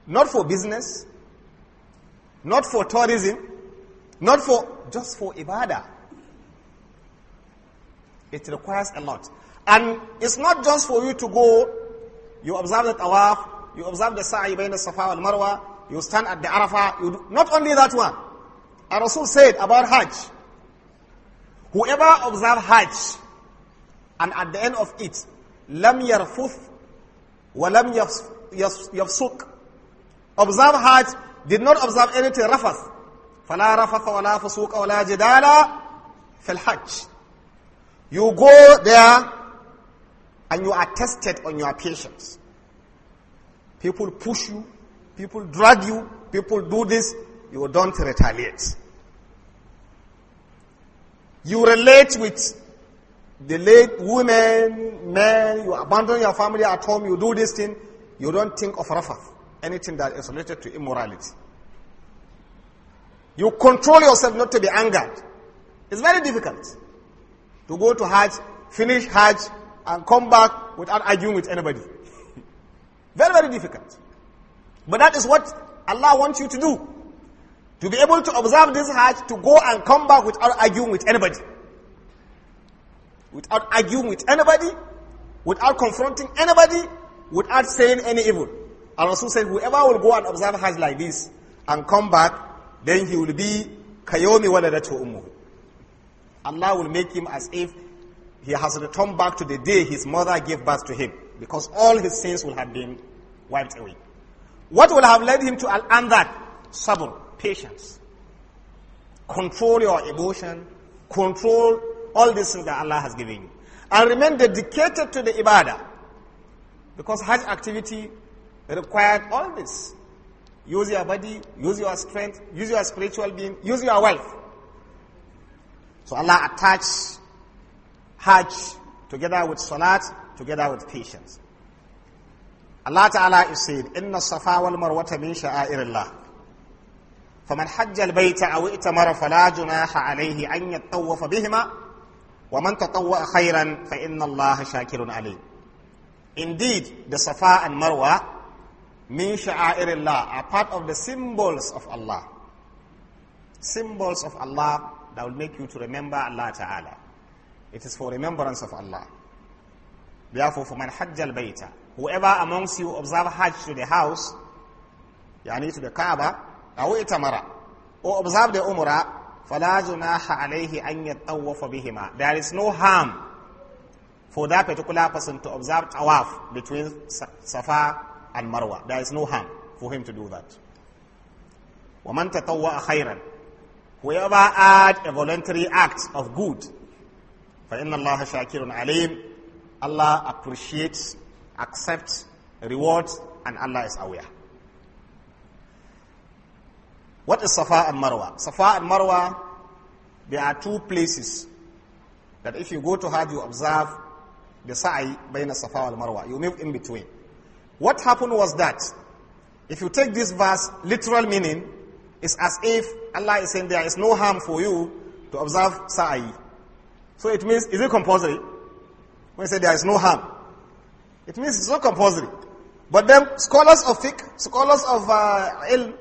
Not for business, not for tourism, not for, just for ibadah. It requires a lot. And it's not just for you to go, you observe the tawaf, you observe the sa'i between the safa and marwa, you stand at the arafah, you do, not only that one. Our Rasul said about Hajj, whoever observe Hajj, and at the end of it, lam yarfuth wa lam yafsuk, observe Hajj, did not observe anything rafath, فلا رفث ولا فسوق ولا جدال في الحج you go there and you are tested on your patience people push you people drag you people do this you don't retaliate you relate with the late women men you abandon your family at home you do this thing you don't think of rafath anything that is related to immorality you control yourself not to be angered. It's very difficult to go to Hajj, finish Hajj, and come back without arguing with anybody. very, very difficult. But that is what Allah wants you to do. To be able to observe this Hajj, to go and come back without arguing with anybody. Without arguing with anybody, without confronting anybody, without saying any evil. And Rasul said, whoever will go and observe Hajj like this and come back, then he will be kayomi waladatu ummuhu. Allah will make him as if he has returned back to the day his mother gave birth to him because all his sins will have been wiped away. What will have led him to al and that? Sabr, patience. Control your emotion, control all these things that Allah has given you. And remain dedicated to the ibadah because Hajj activity required all this. Use your body, use your strength, use your spiritual being, use your wealth. So Allah attached Hajj together with Salat, together with patience. Allah Ta'ala is saying, إِنَّ الصَّفَا وَالْمَرْوَةَ مِنْ شَعَائِرِ اللَّهِ فَمَنْ حَجَّ الْبَيْتَ أَوْ ائْتَمَرَ فَلَا جُنَاحَ عَلَيْهِ أَنْ يَتَّوَّفَ بِهِمَا وَمَنْ تَطَوَّأَ خَيْرًا فَإِنَّ اللَّهَ شَاكِرٌ عَلِيمٌ Indeed, the Safa and Marwa min sha'airillah are part of the symbols of Allah. Symbols of Allah that will make you to remember Allah Ta'ala. It is for remembrance of Allah. Therefore, for man hajj al bayta, whoever amongst you observe hajj to the house, yani to the Kaaba, aw itamara, or observe the umrah, فَلَا جُنَاحَ عَلَيْهِ أَنْ يَتَّوَّفَ بِهِمَا There is no harm for that particular person to observe tawaf between Safa and Marwa. There is no harm for him to do that. وَمَنْ تَطَوَّأَ خَيْرًا Whoever add a voluntary act of good, فَإِنَّ اللَّهَ شَاكِرٌ عَلِيمٌ Allah appreciates, accepts, rewards, and Allah is aware. What is Safa and Marwa? Safa and Marwa, there are two places that if you go to Hajj, you observe the sa'i between Safa and Marwa. You move in between. What happened was that if you take this verse literal meaning, it's as if Allah is saying there is no harm for you to observe sa'i. So it means, is it compulsory? When you say there is no harm, it means it's not compulsory. But then scholars of fiqh, scholars of uh, ilm,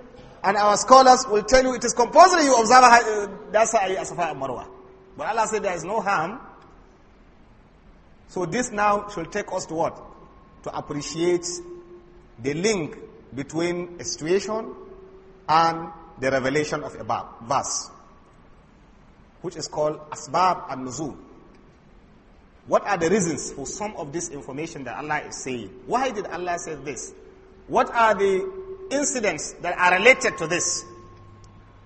and our scholars will tell you it is compulsory you observe uh, that sa'i as far as marwa. But Allah said there is no harm. So this now should take us to what? to appreciate the link between a situation and the revelation of a verse, which is called Asbab al Nuzul. What are the reasons for some of this information that Allah is saying? Why did Allah say this? What are the incidents that are related to this?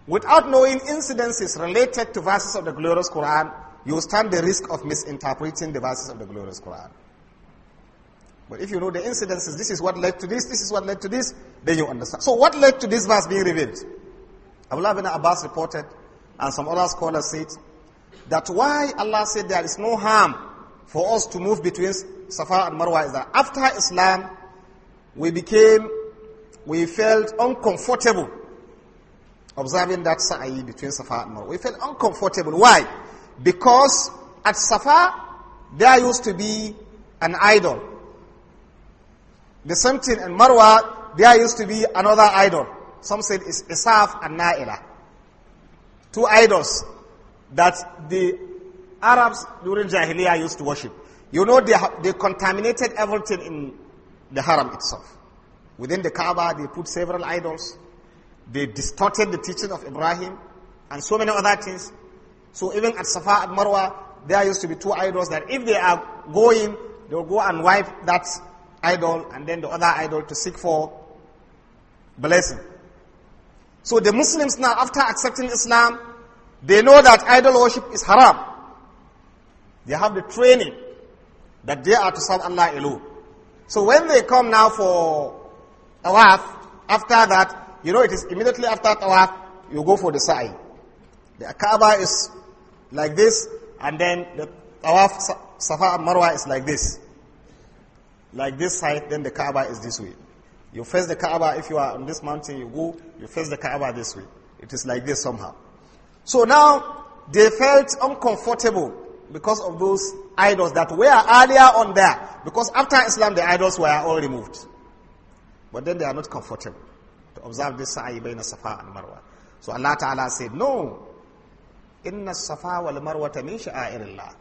Without knowing incidences related to verses of the glorious Quran, you stand the risk of misinterpreting the verses of the glorious Quran. But if you know the incidences, this is what led to this, this is what led to this, then you understand. So what led to this verse being revealed? Abdullah bin Abbas reported, and some other scholars said, that why Allah said there is no harm for us to move between Safa and Marwa is that after Islam, we became, we felt uncomfortable observing that sa'i between Safa and Marwa. We felt uncomfortable. Why? Because at Safa, there used to be an idol the same thing in Marwa, there used to be another idol. Some said it's Isaf and Naila. Two idols that the Arabs during Jahiliyyah used to worship. You know, they, they contaminated everything in the haram itself. Within the Kaaba, they put several idols. They distorted the teaching of Ibrahim and so many other things. So even at Safa, at Marwa, there used to be two idols that if they are going, they'll go and wipe that idol and then the other idol to seek for blessing. So the Muslims now, after accepting Islam, they know that idol worship is haram. They have the training that they are to serve Allah alone. So when they come now for tawaf, after that, you know it is immediately after tawaf, you go for the sa'i. The Kaaba is like this, and then the tawaf, Safa and Marwa is like this like this side, then the Kaaba is this way. You face the Kaaba, if you are on this mountain, you go, you face the Kaaba this way. It is like this somehow. So now, they felt uncomfortable because of those idols that were earlier on there. Because after Islam, the idols were all removed. But then they are not comfortable to observe this sa'i bayna Safa and Marwa. So Allah Ta'ala said, no. Inna Safa wal Marwa min sha'airillah.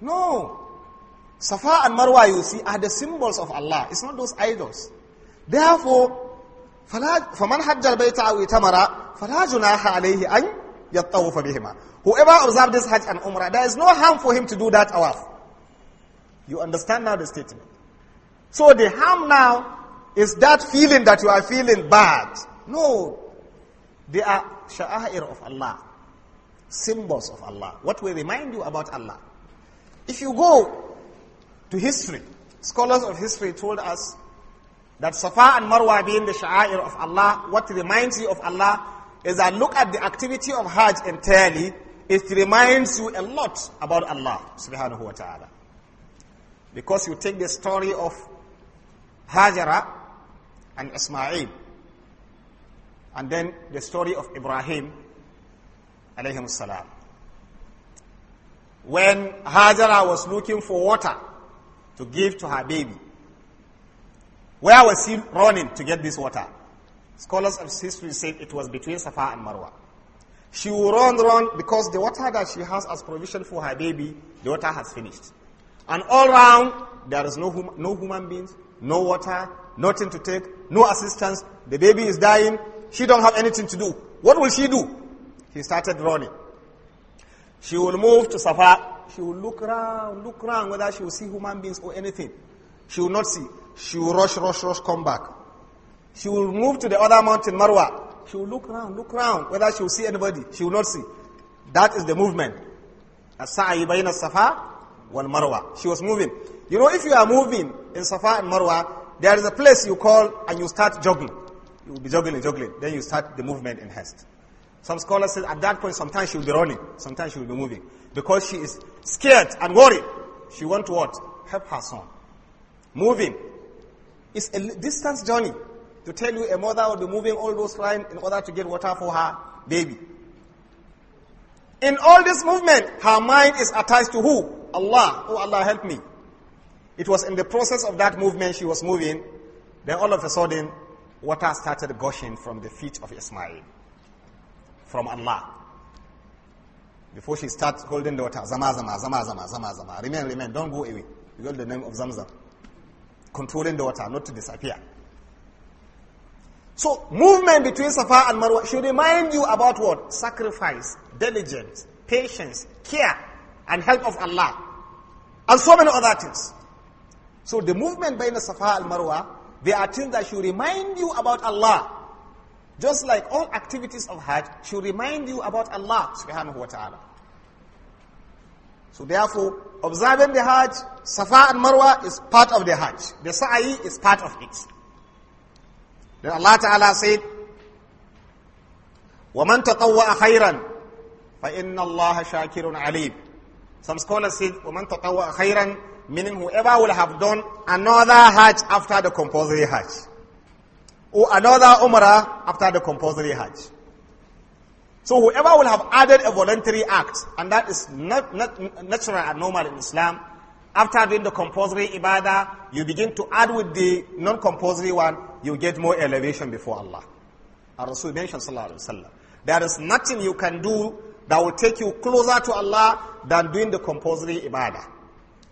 No. Safa and Marwa, you see, are the symbols of Allah. It's not those idols. Therefore, فَمَنْ حَجَّ الْبَيْتَ أَوْ اِتَمَرَ فَلَا جُنَاحَ عَلَيْهِ أَنْ يَطَّوَّفَ بِهِمَا Whoever observes this Hajj and Umrah, there is no harm for him to do that awaf. You understand now the statement. So the harm now is that feeling that you are feeling bad. No. They are sha'air of Allah. Symbols of Allah. What will remind you about Allah? If you go to history. Scholars of history told us that Safa and Marwa being the sha'air of Allah, what reminds you of Allah is that look at the activity of Hajj entirely, it reminds you a lot about Allah subhanahu wa ta'ala. Because you take the story of Hajara and Ismail, and then the story of Ibrahim alayhi salam. When Hajara was looking for water, to give to her baby. Where was she running to get this water? Scholars of history say it was between Safa and Marwa. She will run, run, because the water that she has as provision for her baby, the water has finished. And all round, there is no, hum no human beings, no water, nothing to take, no assistance. The baby is dying. She don't have anything to do. What will she do? She started running. She will move to Safa she will look round, look round whether she will see human beings or anything. She will not see. She will rush, rush, rush, come back. She will move to the other mountain, Marwa. She will look round, look round whether she will see anybody. She will not see. That is the movement. As-sa'i bayna safa wal marwa. She was moving. You know, if you are moving in Safa and Marwa, there is a place you call and you start jogging. You will be jogging jogging. Then you start the movement in haste. Some scholars say at that point, sometimes she will be running, sometimes she will be moving. Because she is scared and worried, she want to what? Help her son. Moving. It's a distance journey. To tell you a mother will be moving all those lines in order to get water for her baby. In all this movement, her mind is attached to who? Allah. Oh Allah, help me. It was in the process of that movement she was moving. Then all of a sudden, water started gushing from the feet of Ismail. From Allah. Before she starts holding the water, Zama, Zama, Zama, Zama, Zama, Zama. Remain, remain. Don't go away. You got the name of Zamzam. Controlling the water, not to disappear. So, movement between Safa and Marwa should remind you about what? Sacrifice, diligence, patience, care, and help of Allah. And so many other things. So, the movement between Safa and Marwa, they are things that should remind you about Allah just like all activities of Hajj should remind you about Allah subhanahu wa ta'ala. So therefore, observing the Hajj, Safa and Marwa is part of the Hajj. The Sa'i is part of it. Then Allah Ta'ala said, وَمَنْ تَطَوَّأَ خَيْرًا فَإِنَّ اللَّهَ شَاكِرٌ عَلِيمٌ Some scholars said, وَمَنْ تَطَوَّأَ خَيْرًا Meaning whoever will have done another Hajj after the compulsory Hajj or another umrah after the compulsory hajj. So whoever will have added a voluntary act, and that is not, not natural and normal in Islam, after doing the compulsory ibadah, you begin to add with the non-compulsory one, you get more elevation before Allah. Our Rasul mentioned Sallallahu Alaihi Wasallam. There is nothing you can do that will take you closer to Allah than doing the compulsory ibadah.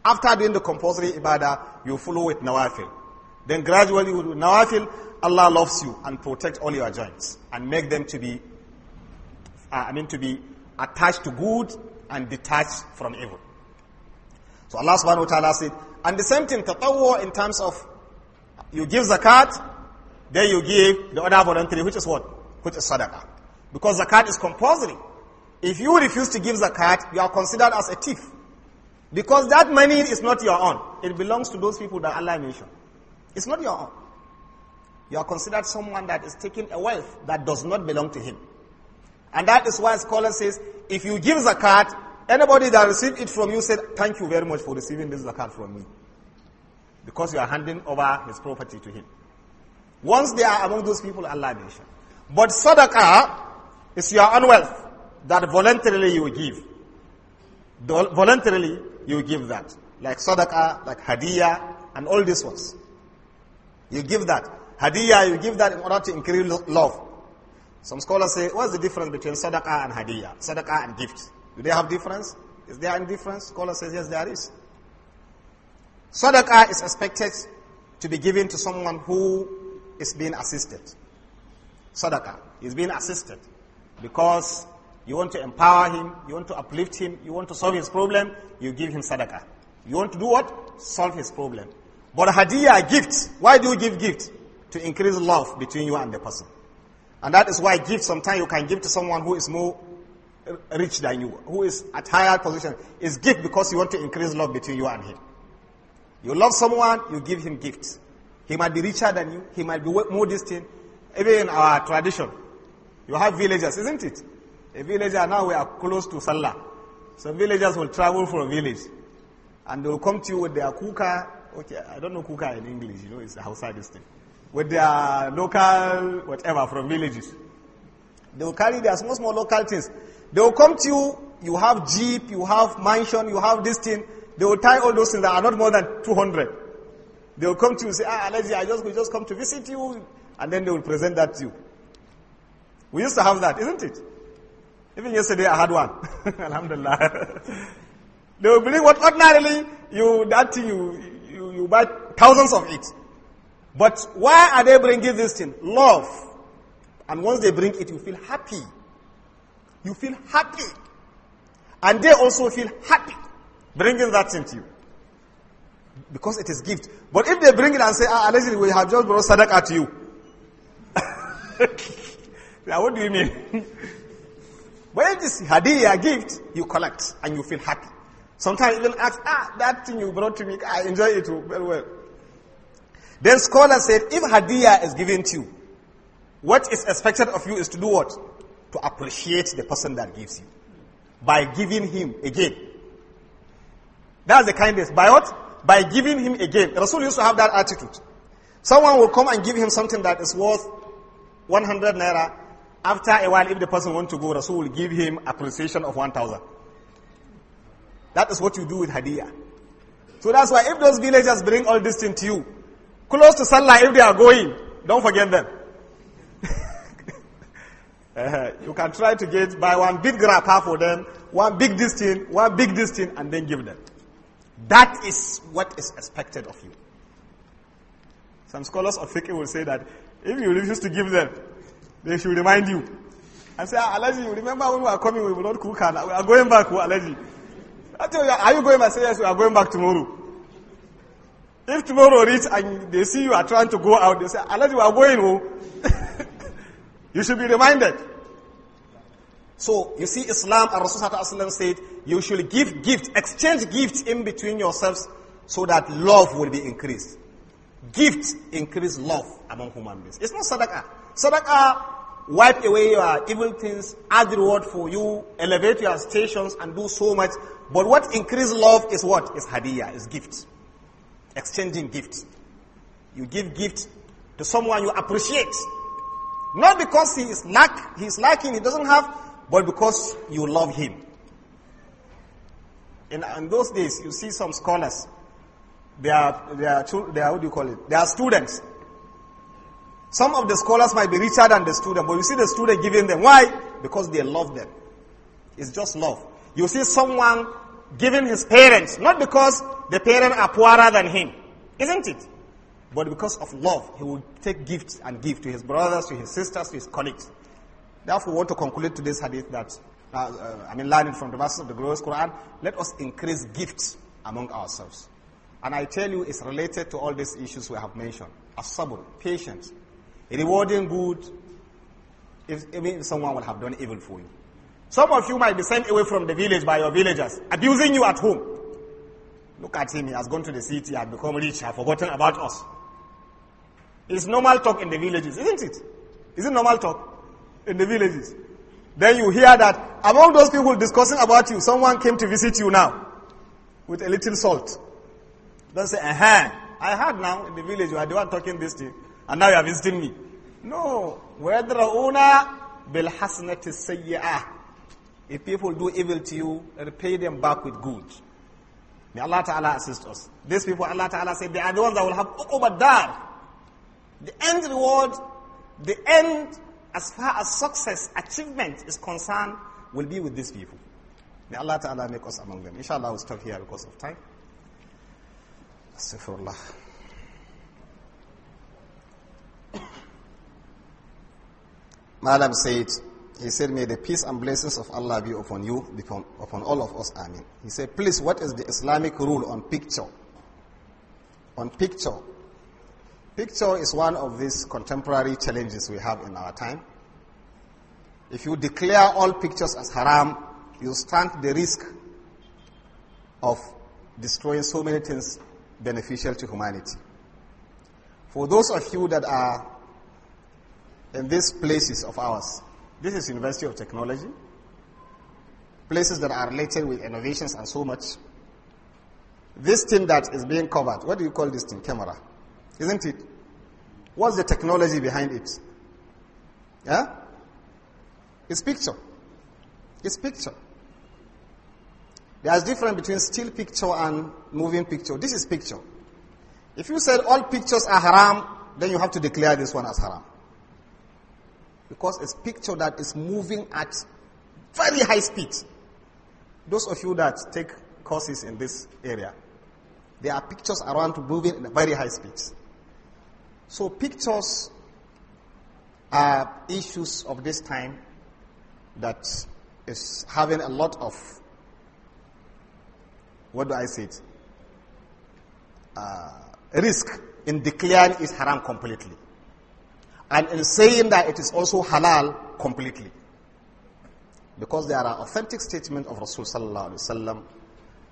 After doing the compulsory ibadah, you follow with nawafil. Then gradually you do nawafil, Allah loves you and protects all your joints and make them to be, uh, I mean, to be attached to good and detached from evil. So Allah subhanahu wa ta'ala said, and the same thing, tatawwa in terms of you give zakat, then you give the other voluntary, which is what? Which is sadaqah. Because zakat is compulsory. If you refuse to give zakat, you are considered as a thief. Because that money is not your own. It belongs to those people that Allah mentioned. It's not your own you are considered someone that is taking a wealth that does not belong to him. And that is why scholar says, if you give zakat, anybody that received it from you said, thank you very much for receiving this zakat from me. Because you are handing over his property to him. Once they are among those people, Allah mentioned. But sadaqah is your own wealth that voluntarily you give. Voluntarily you give that. Like sadaqah, like hadiyah, and all these ones. You give that. Hadiyah, you give that in order to increase love. Some scholars say, what's the difference between sadaqah and hadiyah? Sadaqah and gift. Do they have difference? Is there any difference? Scholar says, yes, there is. Sadaqah is expected to be given to someone who is being assisted. Sadaqah is being assisted because you want to empower him, you want to uplift him, you want to solve his problem, you give him sadaqah. You want to do what? Solve his problem. But hadiyah, gift. Why do you give gift? to increase love between you and the person. And that is why gift sometimes you can give to someone who is more rich than you, who is at higher position. Is gift because you want to increase love between you and him. You love someone, you give him gifts. He might be richer than you, he might be more distant. Even in our tradition, you have villagers, isn't it? A villager now we are close to Salah. So villagers will travel from village and they will come to you with their kuka. Okay, I don't know kuka in English, you know, it's the this thing with their local whatever from villages. They will carry their small, small local things. They will come to you, you have jeep, you have mansion, you have this thing. They will tie all those things that are not more than 200. They will come to you and say, ah, Alaji, I just, we just come to visit you. And then they will present that to you. We used to have that, isn't it? Even yesterday I had one. Alhamdulillah. they will believe what ordinarily you, that you, you, you buy thousands of it. But why are they bringing this thing? Love. And once they bring it, you feel happy. You feel happy. And they also feel happy bringing that thing to you. Because it is gift. But if they bring it and say, ah, allegedly ah, we have just brought sadaq at you. now what do you mean? when this a gift, you collect and you feel happy. Sometimes even ask, ah, that thing you brought to me, I enjoy it very well. Then scholar said, if hadiah is given to you, what is expected of you is to do what? To appreciate the person that gives you. By giving him again. That's the kindness. By what? By giving him again. Rasul used to have that attitude. Someone will come and give him something that is worth 100 naira. After a while, if the person wants to go, Rasul will give him appreciation of 1,000. That is what you do with hadiah. So that's why if those villagers bring all this thing to you, close to Salah if they are going. Don't forget them. uh, you can try to get buy one big wrapper for them, one big this thing, one big this thing, and then give them. That is what is expected of you. Some scholars of fiqh will say that if you refuse to give them, they should remind you. And say, ah, you remember when we are coming, we will not cook and we are going back, oh, Alaji. I tell you, are you going back? Say, yes, we are going back tomorrow. If tomorrow reach and they see you are trying to go out, they say, unless you are going you should be reminded. So you see Islam and Rasulullah said, you should give gift, exchange gifts in between yourselves so that love will be increased. Gifts increase love among human beings. It's not sadaqah. Sadaqah wipe away your evil things, add reward for you, elevate your stations and do so much. But what increase love is what? Is hadiyah, is gifts exchanging gifts. You give gift to someone you appreciate. Not because he is lack, he is lacking, he doesn't have, but because you love him. In, in those days, you see some scholars, they are, they are, they are, what do you call it? They are students. Some of the scholars might be richer than the student, but you see the student giving them. Why? Because they love them. It's just love. You see someone given his parents, not because the parents are poorer than him, isn't it? But because of love, he will take gifts and give to his brothers, to his sisters, to his colleagues. Therefore, we want to conclude today's hadith that, uh, uh, I mean, learning from the verses of the glorious Quran, let us increase gifts among ourselves. And I tell you, it's related to all these issues we have mentioned. as patience, rewarding good, if, if someone will have done evil for you. Some of you might be sent away from the village by your villagers, abusing you at home. Look at him, he has gone to the city, has become rich, has forgotten about us. It's normal talk in the villages, isn't it? Is it normal talk in the villages? Then you hear that among those people discussing about you, someone came to visit you now with a little salt. Don't say, uh-huh, I heard now in the village you are the one talking this thing, and now you are visiting me. No. وَيَدْرَؤُونَ is السَّيِّئَةِ if people do evil to you, repay them back with good. May Allah Ta'ala assist us. These people, Allah Ta'ala said, they are the ones that will have uqubad dar. The end reward, the end as far as success, achievement is concerned, will be with these people. May Allah Ta'ala make us among them. Inshallah, we'll stop here because of time. Astaghfirullah. Madam said, he said, May the peace and blessings of Allah be upon you, upon, upon all of us. Amen. He said, Please, what is the Islamic rule on picture? On picture. Picture is one of these contemporary challenges we have in our time. If you declare all pictures as haram, you stand the risk of destroying so many things beneficial to humanity. For those of you that are in these places of ours, this is University of Technology. Places that are related with innovations and so much. This thing that is being covered, what do you call this thing? Camera. Isn't it? What's the technology behind it? Yeah? It's picture. It's picture. There's difference between still picture and moving picture. This is picture. If you said all pictures are haram, then you have to declare this one as haram. Because it's picture that is moving at very high speed. Those of you that take courses in this area, there are pictures around moving at very high speed. So pictures are issues of this time that is having a lot of, what do I say it? Uh, risk in declaring is haram completely. And in saying that, it is also halal completely. Because there are authentic statements of Rasulullah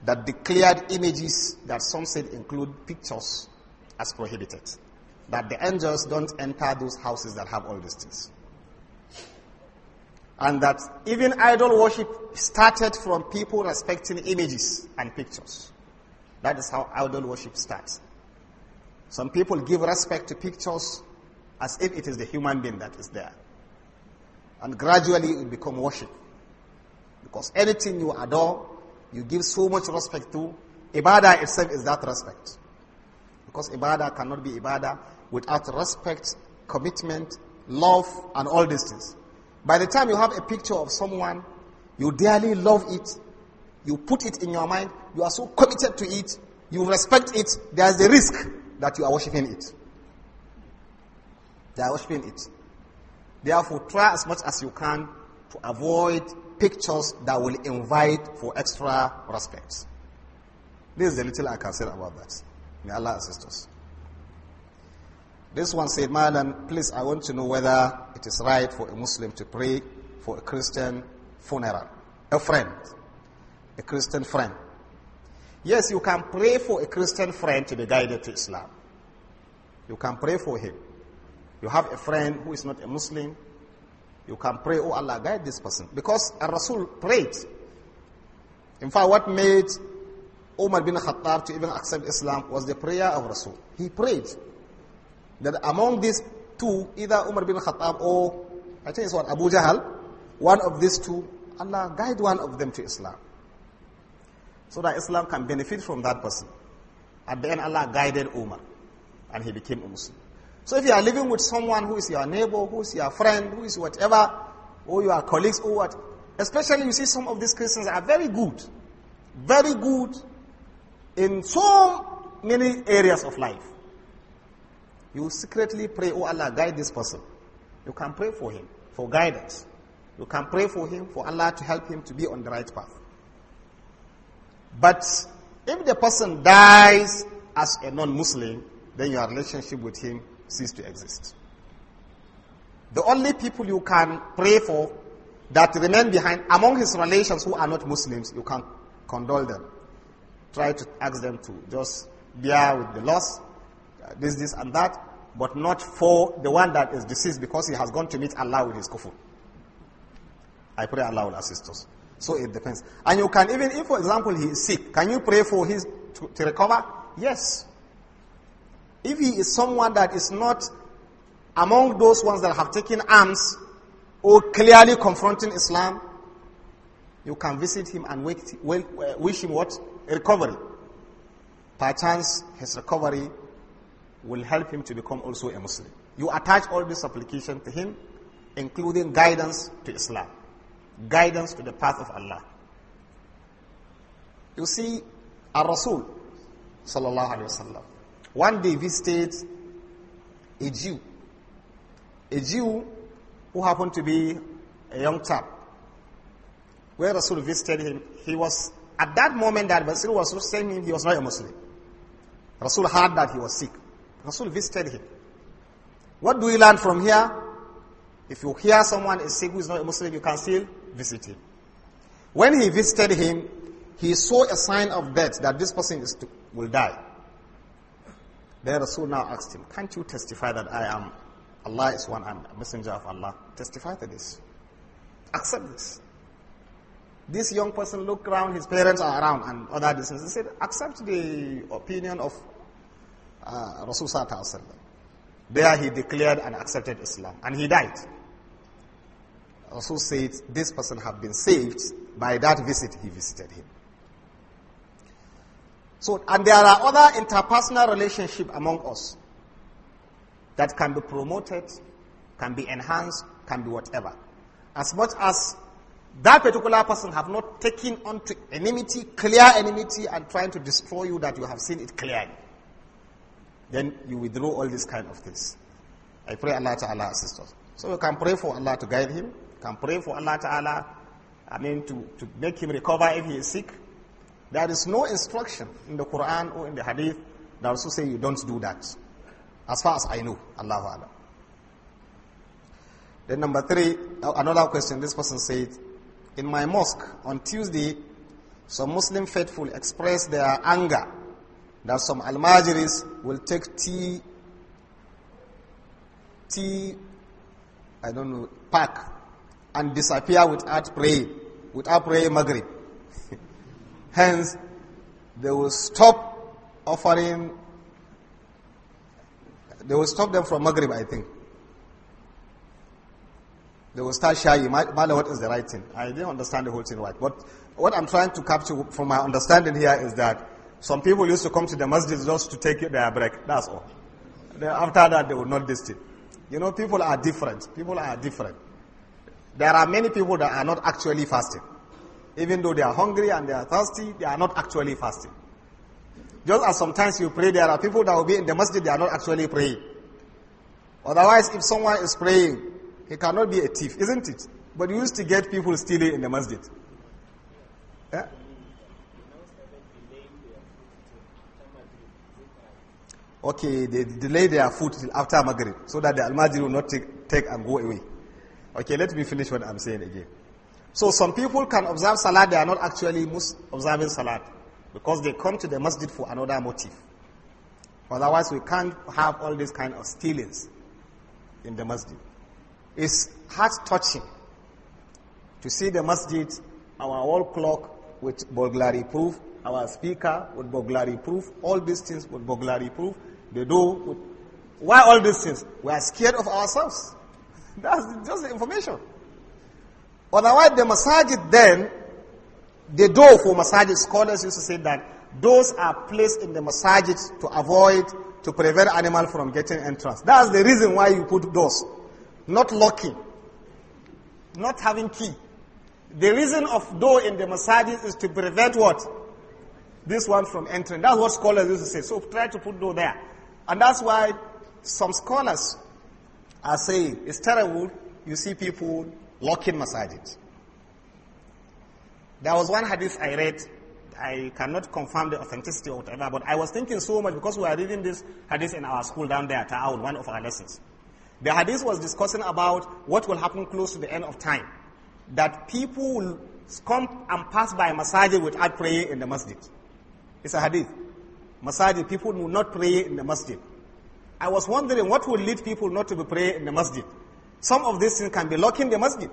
that declared images that some said include pictures as prohibited. That the angels don't enter those houses that have all these things. And that even idol worship started from people respecting images and pictures. That is how idol worship starts. Some people give respect to pictures as if it is the human being that is there. And gradually it will become worship. Because anything you adore, you give so much respect to, ibadah itself is that respect. Because ibadah cannot be ibadah without respect, commitment, love, and all these things. By the time you have a picture of someone, you dearly love it, you put it in your mind, you are so committed to it, you respect it, there is a risk that you are worshipping it. They are worshipping it. Therefore, try as much as you can to avoid pictures that will invite for extra respect. This is the little I can say about that. May Allah assist us. This one said, Madam, please, I want to know whether it is right for a Muslim to pray for a Christian funeral, a friend, a Christian friend. Yes, you can pray for a Christian friend to be guided to Islam. You can pray for him. You have a friend who is not a Muslim. You can pray, oh Allah, guide this person. Because Rasul prayed. In fact, what made Umar bin Khattab to even accept Islam was the prayer of Rasul. He prayed that among these two, either Umar bin Khattab or I think it's what Abu Jahl, one of these two, Allah guide one of them to Islam. So that Islam can benefit from that person. At the end, Allah guided Umar and he became a Muslim. So if you are living with someone who is your neighbor, who is your friend, who is whatever, or your colleagues, or what, especially you see some of these Christians are very good, very good in so many areas of life. You secretly pray, Oh Allah, guide this person. You can pray for him, for guidance. You can pray for him, for Allah to help him to be on the right path. But if the person dies as a non-Muslim, then your relationship with him cease to exist. The only people you can pray for that remain behind among his relations who are not Muslims, you can condole them. Try to ask them to just bear with the loss, uh, this, this, and that, but not for the one that is deceased because he has gone to meet Allah with his kufur. I pray Allah will assist us. So it depends. And you can even, if for example he is sick, can you pray for his to, to recover? Yes. If he is someone that is not among those ones that have taken arms or clearly confronting Islam, you can visit him and uh, wish him what? A recovery. Perchance his recovery will help him to become also a Muslim. You attach all this application to him, including guidance to Islam, guidance to the path of Allah. You see, a Rasul, sallallahu alayhi wa sallam, one day visited a Jew, a Jew who happened to be a young chap. Where Rasul visited him, he was, at that moment that Rasul was saying him, he was not a Muslim. Rasul heard that he was sick. Rasul visited him. What do we learn from here? If you hear someone is sick who is not a Muslim, you can still visit him. When he visited him, he saw a sign of death that this person to, will die. Then Rasul now asked him, Can't you testify that I am Allah is one, I'm a messenger of Allah? Testify to this. Accept this. This young person looked around, his parents are around and other distance. He said, Accept the opinion of uh, Rasul. There he declared and accepted Islam and he died. Rasul said, This person had been saved by that visit he visited him. So, and there are other interpersonal relationship among us that can be promoted, can be enhanced, can be whatever. As much as that particular person have not taken on to enmity, clear enmity, and trying to destroy you that you have seen it clearly. Then you withdraw all these kind of things. I pray Allah to Allah assist us. So we can pray for Allah to guide him, can pray for Allah Ta'ala, I mean to, to make him recover if he is sick, there is no instruction in the Quran or in the Hadith that also say you don't do that. As far as I know, Allahu Allah. Then number three, uh, another question this person said, in my mosque on Tuesday, some Muslim faithful expressed their anger that some Almajiris will take tea, tea, I don't know, pack and disappear without praying, without praying Maghrib. Hence, they will stop offering, they will stop them from Maghrib, I think. They will start shayi. Mala, what is the right thing? I didn't understand the whole thing right. But what I'm trying to capture from my understanding here is that some people used to come to the masjid just to take their break. That's all. After that, they would not it. You know, people are different. People are different. There are many people that are not actually fasting. Even though they are hungry and they are thirsty, they are not actually fasting. Just as sometimes you pray, there are people that will be in the masjid, they are not actually praying. Otherwise, if someone is praying, he cannot be a thief, isn't it? But you used to get people stealing in the masjid. Yeah? Okay, they delay their food till after Maghrib so that the al will not take, take and go away. Okay, let me finish what I'm saying again. So some people can observe salah, they are not actually observing salah because they come to the masjid for another motive. Otherwise, we can't have all these kind of stealings in the masjid. It's heart touching to see the masjid, our wall clock with burglary proof, our speaker with burglary proof, all these things with burglary proof, they do. With, why all these things? We are scared of ourselves. That's just the information. Otherwise, the masajid then, the door for masajid, scholars used to say that those are placed in the masajid to avoid, to prevent animal from getting entrance. That's the reason why you put doors. Not locking. Not having key. The reason of door in the masajid is to prevent what? This one from entering. That's what scholars used to say. So try to put door there. And that's why some scholars are saying it's terrible. You see people locking masajid. There was one hadith I read. I cannot confirm the authenticity or whatever, but I was thinking so much because we are reading this hadith in our school down there, Ta'awud, one of our lessons. The hadith was discussing about what will happen close to the end of time. That people will come and pass by masajid without praying in the masjid. It's a hadith. Masajid, people will not pray in the masjid. I was wondering what will lead people not to be praying in the masjid. Some of these things can be locking the masjid.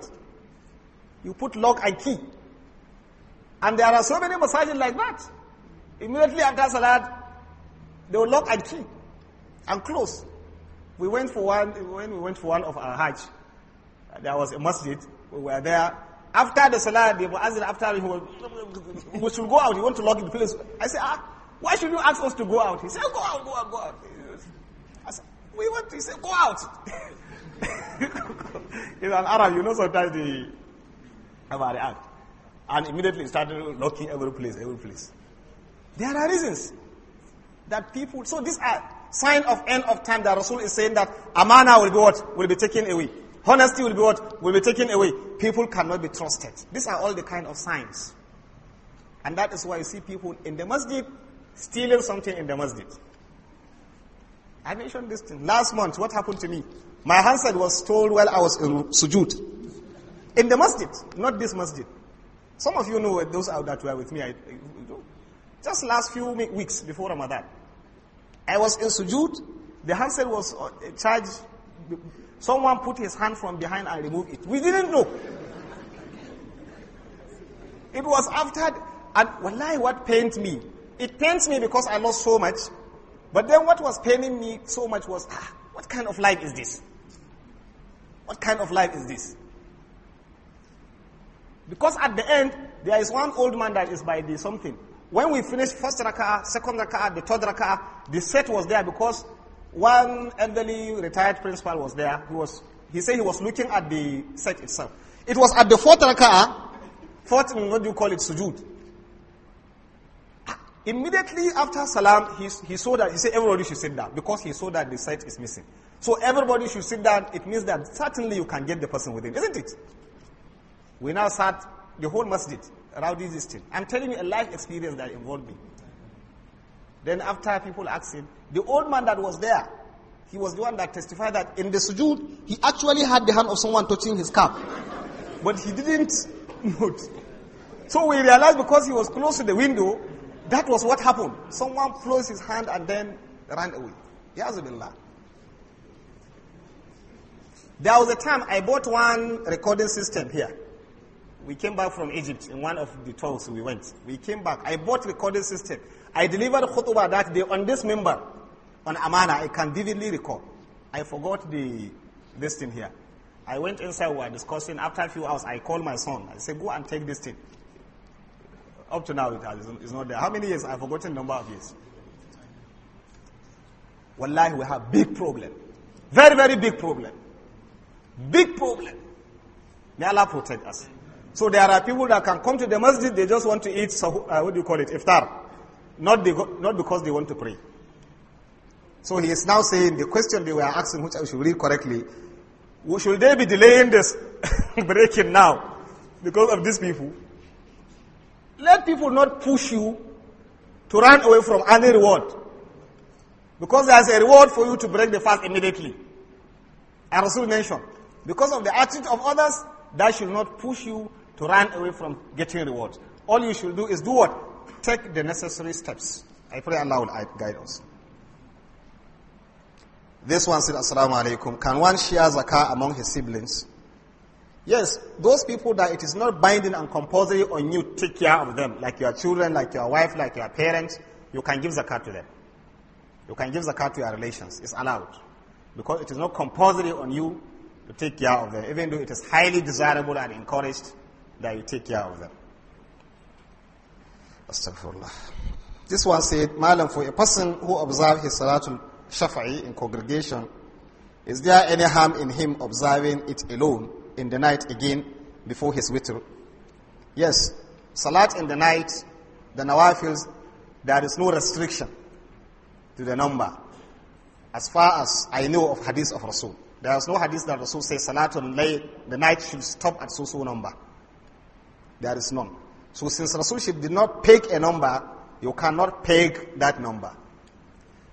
You put lock and key. And there are so many masajid like that. Immediately after Salat, they will lock and key and close. We went for one, when we went for one of our Hajj, there was a masjid. We were there. After the Salat, they were asking after he was, we should go out. He want to lock the place. I said, ah, why should you ask us to go out? He said, go out, go out, go out. I said, we want to, he said, go out. He's an Arab, you know, sometimes they overreact. And immediately started knocking every place, every place. There are reasons that people, so these are sign of end of time that Rasul is saying that amana will be what? Will be taken away. Honesty will be what? Will be taken away. People cannot be trusted. These are all the kind of signs. And that is why you see people in the masjid stealing something in the masjid. I mentioned this thing. Last month, what happened to me? My handset was stolen while I was in sujud In the masjid, not this masjid. Some of you know those out that were with me. I, just last few weeks before Ramadan, I was in sujud. The handset was uh, charged. Someone put his hand from behind and removed it. We didn't know. It was after, and wallahi, what pained me? It pains me because I lost so much. But then what was paining me so much was, ah, what kind of life is this? What kind of life is this? Because at the end, there is one old man that is by the something. When we finished first rak'ah, second rak'ah, the third rak'ah, the set was there because one elderly retired principal was there. He was, he said he was looking at the set itself. It was at the fourth rak'ah, fourth, what do you call it, sujud? Immediately after salam, he, he saw that, he said everybody should sit down because he saw that the sight is missing. So everybody should sit down. It means that certainly you can get the person within, isn't it? We now sat the whole masjid around this thing. I'm telling you a life experience that involved me. Then after people asked him, the old man that was there, he was the one that testified that in the sujood, he actually had the hand of someone touching his cap. but he didn't note. So we realized because he was close to the window, that was what happened. Someone closed his hand and then ran away. Yazubillah. There was a time I bought one recording system here. We came back from Egypt in one of the tours we went. We came back. I bought recording system. I delivered khutbah that day on this member, on Amana. I can vividly recall. I forgot the this thing here. I went inside. We were discussing. After a few hours, I called my son. I said, "Go and take this thing." Up to now, it has, it's not there. How many years? I've forgotten number of years. Wallahi, we have big problem. Very, very big problem. Big problem. May Allah protect us. So there are people that can come to the masjid, they just want to eat, uh, what do you call it, iftar. Not, the, not because they want to pray. So he is now saying the question they were asking, which I should read correctly, should they be delaying this breaking now because of these people? Let people not push you to run away from any reward. Because there's a reward for you to break the fast immediately. And Rasul mentioned, because of the attitude of others, that should not push you to run away from getting reward. All you should do is do what? Take the necessary steps. I pray Allah will guide us. This one said, Assalamu alaikum. Can one share zakah among his siblings? Yes, those people that it is not binding and compulsory on you take care of them, like your children, like your wife, like your parents, you can give zakat to them. You can give zakat to your relations. It's allowed. Because it is not compulsory on you to take care of them, even though it is highly desirable and encouraged that you take care of them. Astaghfirullah. This one said, Malam, for a person who observes his Salatul Shafa'i in congregation, is there any harm in him observing it alone in the night again before his witr. Yes, salat in the night, the nawafils, there is no restriction to the number. As far as I know of hadith of Rasul. There is no hadith that Rasul says salat on the night should stop at so-so number. There is none. So since Rasul did not pick a number, you cannot peg that number.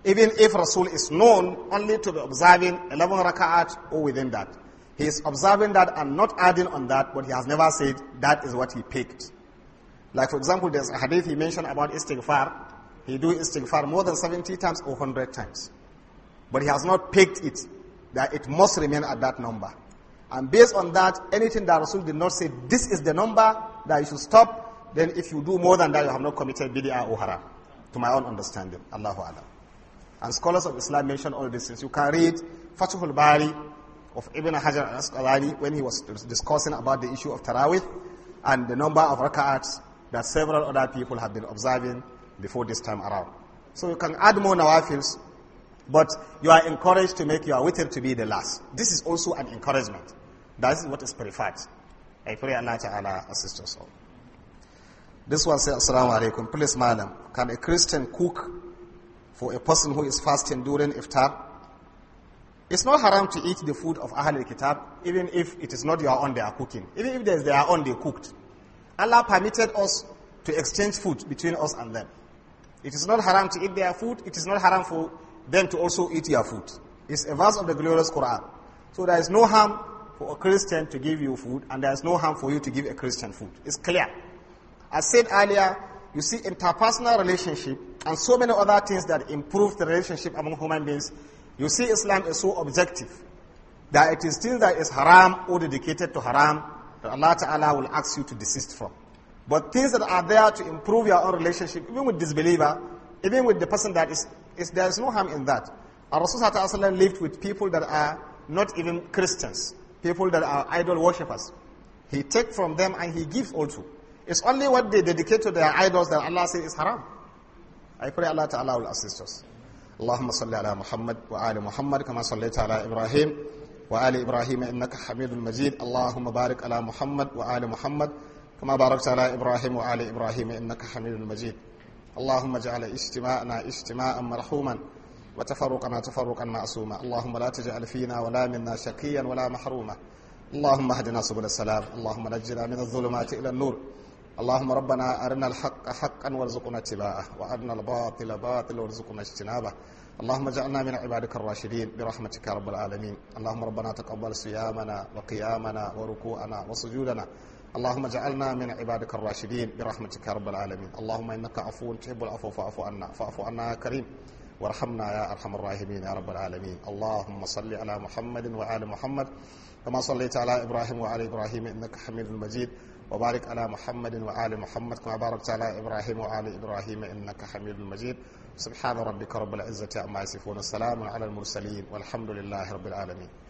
Even if Rasul is known only to be observing 11 rakaat or within that. He is observing that and not adding on that, but he has never said that is what he picked. Like, for example, there's a hadith he mentioned about istighfar. He do istighfar more than 70 times or 100 times. But he has not picked it, that it must remain at that number. And based on that, anything that Rasul did not say, this is the number that you should stop, then if you do more than that, you have not committed bid'ah or haram. To my own understanding. Allahu Alam. And scholars of Islam mention all these things. You can read Fatihul Bari, of Ibn Hajar al-Asqalani when he was discussing about the issue of Tarawih and the number of rak'ats that several other people have been observing before this time around. So you can add more nawafils, but you are encouraged to make your witr to be the last. This is also an encouragement. That is what is preferred. I pray Allah Ta'ala assist us all. This one says, Assalamu alaikum. Please, madam, can a Christian cook for a person who is fasting during iftar? It's not haram to eat the food of Ahlul Kitab, even if it is not your own they are cooking. Even if it is their own they cooked. Allah permitted us to exchange food between us and them. It is not haram to eat their food. It is not haram for them to also eat your food. It's a verse of the glorious Quran. So there is no harm for a Christian to give you food, and there is no harm for you to give a Christian food. It's clear. I said earlier, you see interpersonal relationship and so many other things that improve the relationship among human beings you see Islam is so objective that it is things that is haram or dedicated to haram that Allah Ta'ala will ask you to desist from. But things that are there to improve your own relationship, even with disbeliever, even with the person that is, is there is no harm in that. Our Rasul lived with people that are not even Christians, people that are idol worshippers. He takes from them and he gives also. It's only what they dedicate to their idols that Allah says is haram. I pray Allah Ta'ala will assist us. اللهم صل على محمد وآل محمد كما صليت على إبراهيم وآل إبراهيم إنك حميد مجيد اللهم بارك على محمد وآل محمد كما باركت على إبراهيم وآل إبراهيم إنك حميد مجيد اللهم اجعل اجتماعنا اجتماعا مرحوما وتفرقنا تفرقا معصوما اللهم لا تجعل فينا ولا منا شقيا ولا محروما اللهم اهدنا سبل السلام اللهم نجنا من الظلمات إلى النور اللهم ربنا أرنا الحق حقا وارزقنا اتباعه وأرنا الباطل باطلا وارزقنا اجتنابه اللهم اجعلنا من عبادك الراشدين برحمتك يا رب العالمين اللهم ربنا تقبل صيامنا وقيامنا وركوعنا وسجودنا اللهم اجعلنا من عبادك الراشدين برحمتك يا رب العالمين اللهم إنك عفو تحب العفو فاعف عنا فاعف عنا يا كريم وارحمنا يا أرحم الراحمين يا رب العالمين اللهم صل على محمد وعلى محمد كما صليت على إبراهيم وعلى إبراهيم إنك حميد مجيد وبارك على محمد وآل محمد كما باركت على إبراهيم وآل إبراهيم إنك حميد مجيد سبحان ربك رب العزة عما يصفون السلام على المرسلين والحمد لله رب العالمين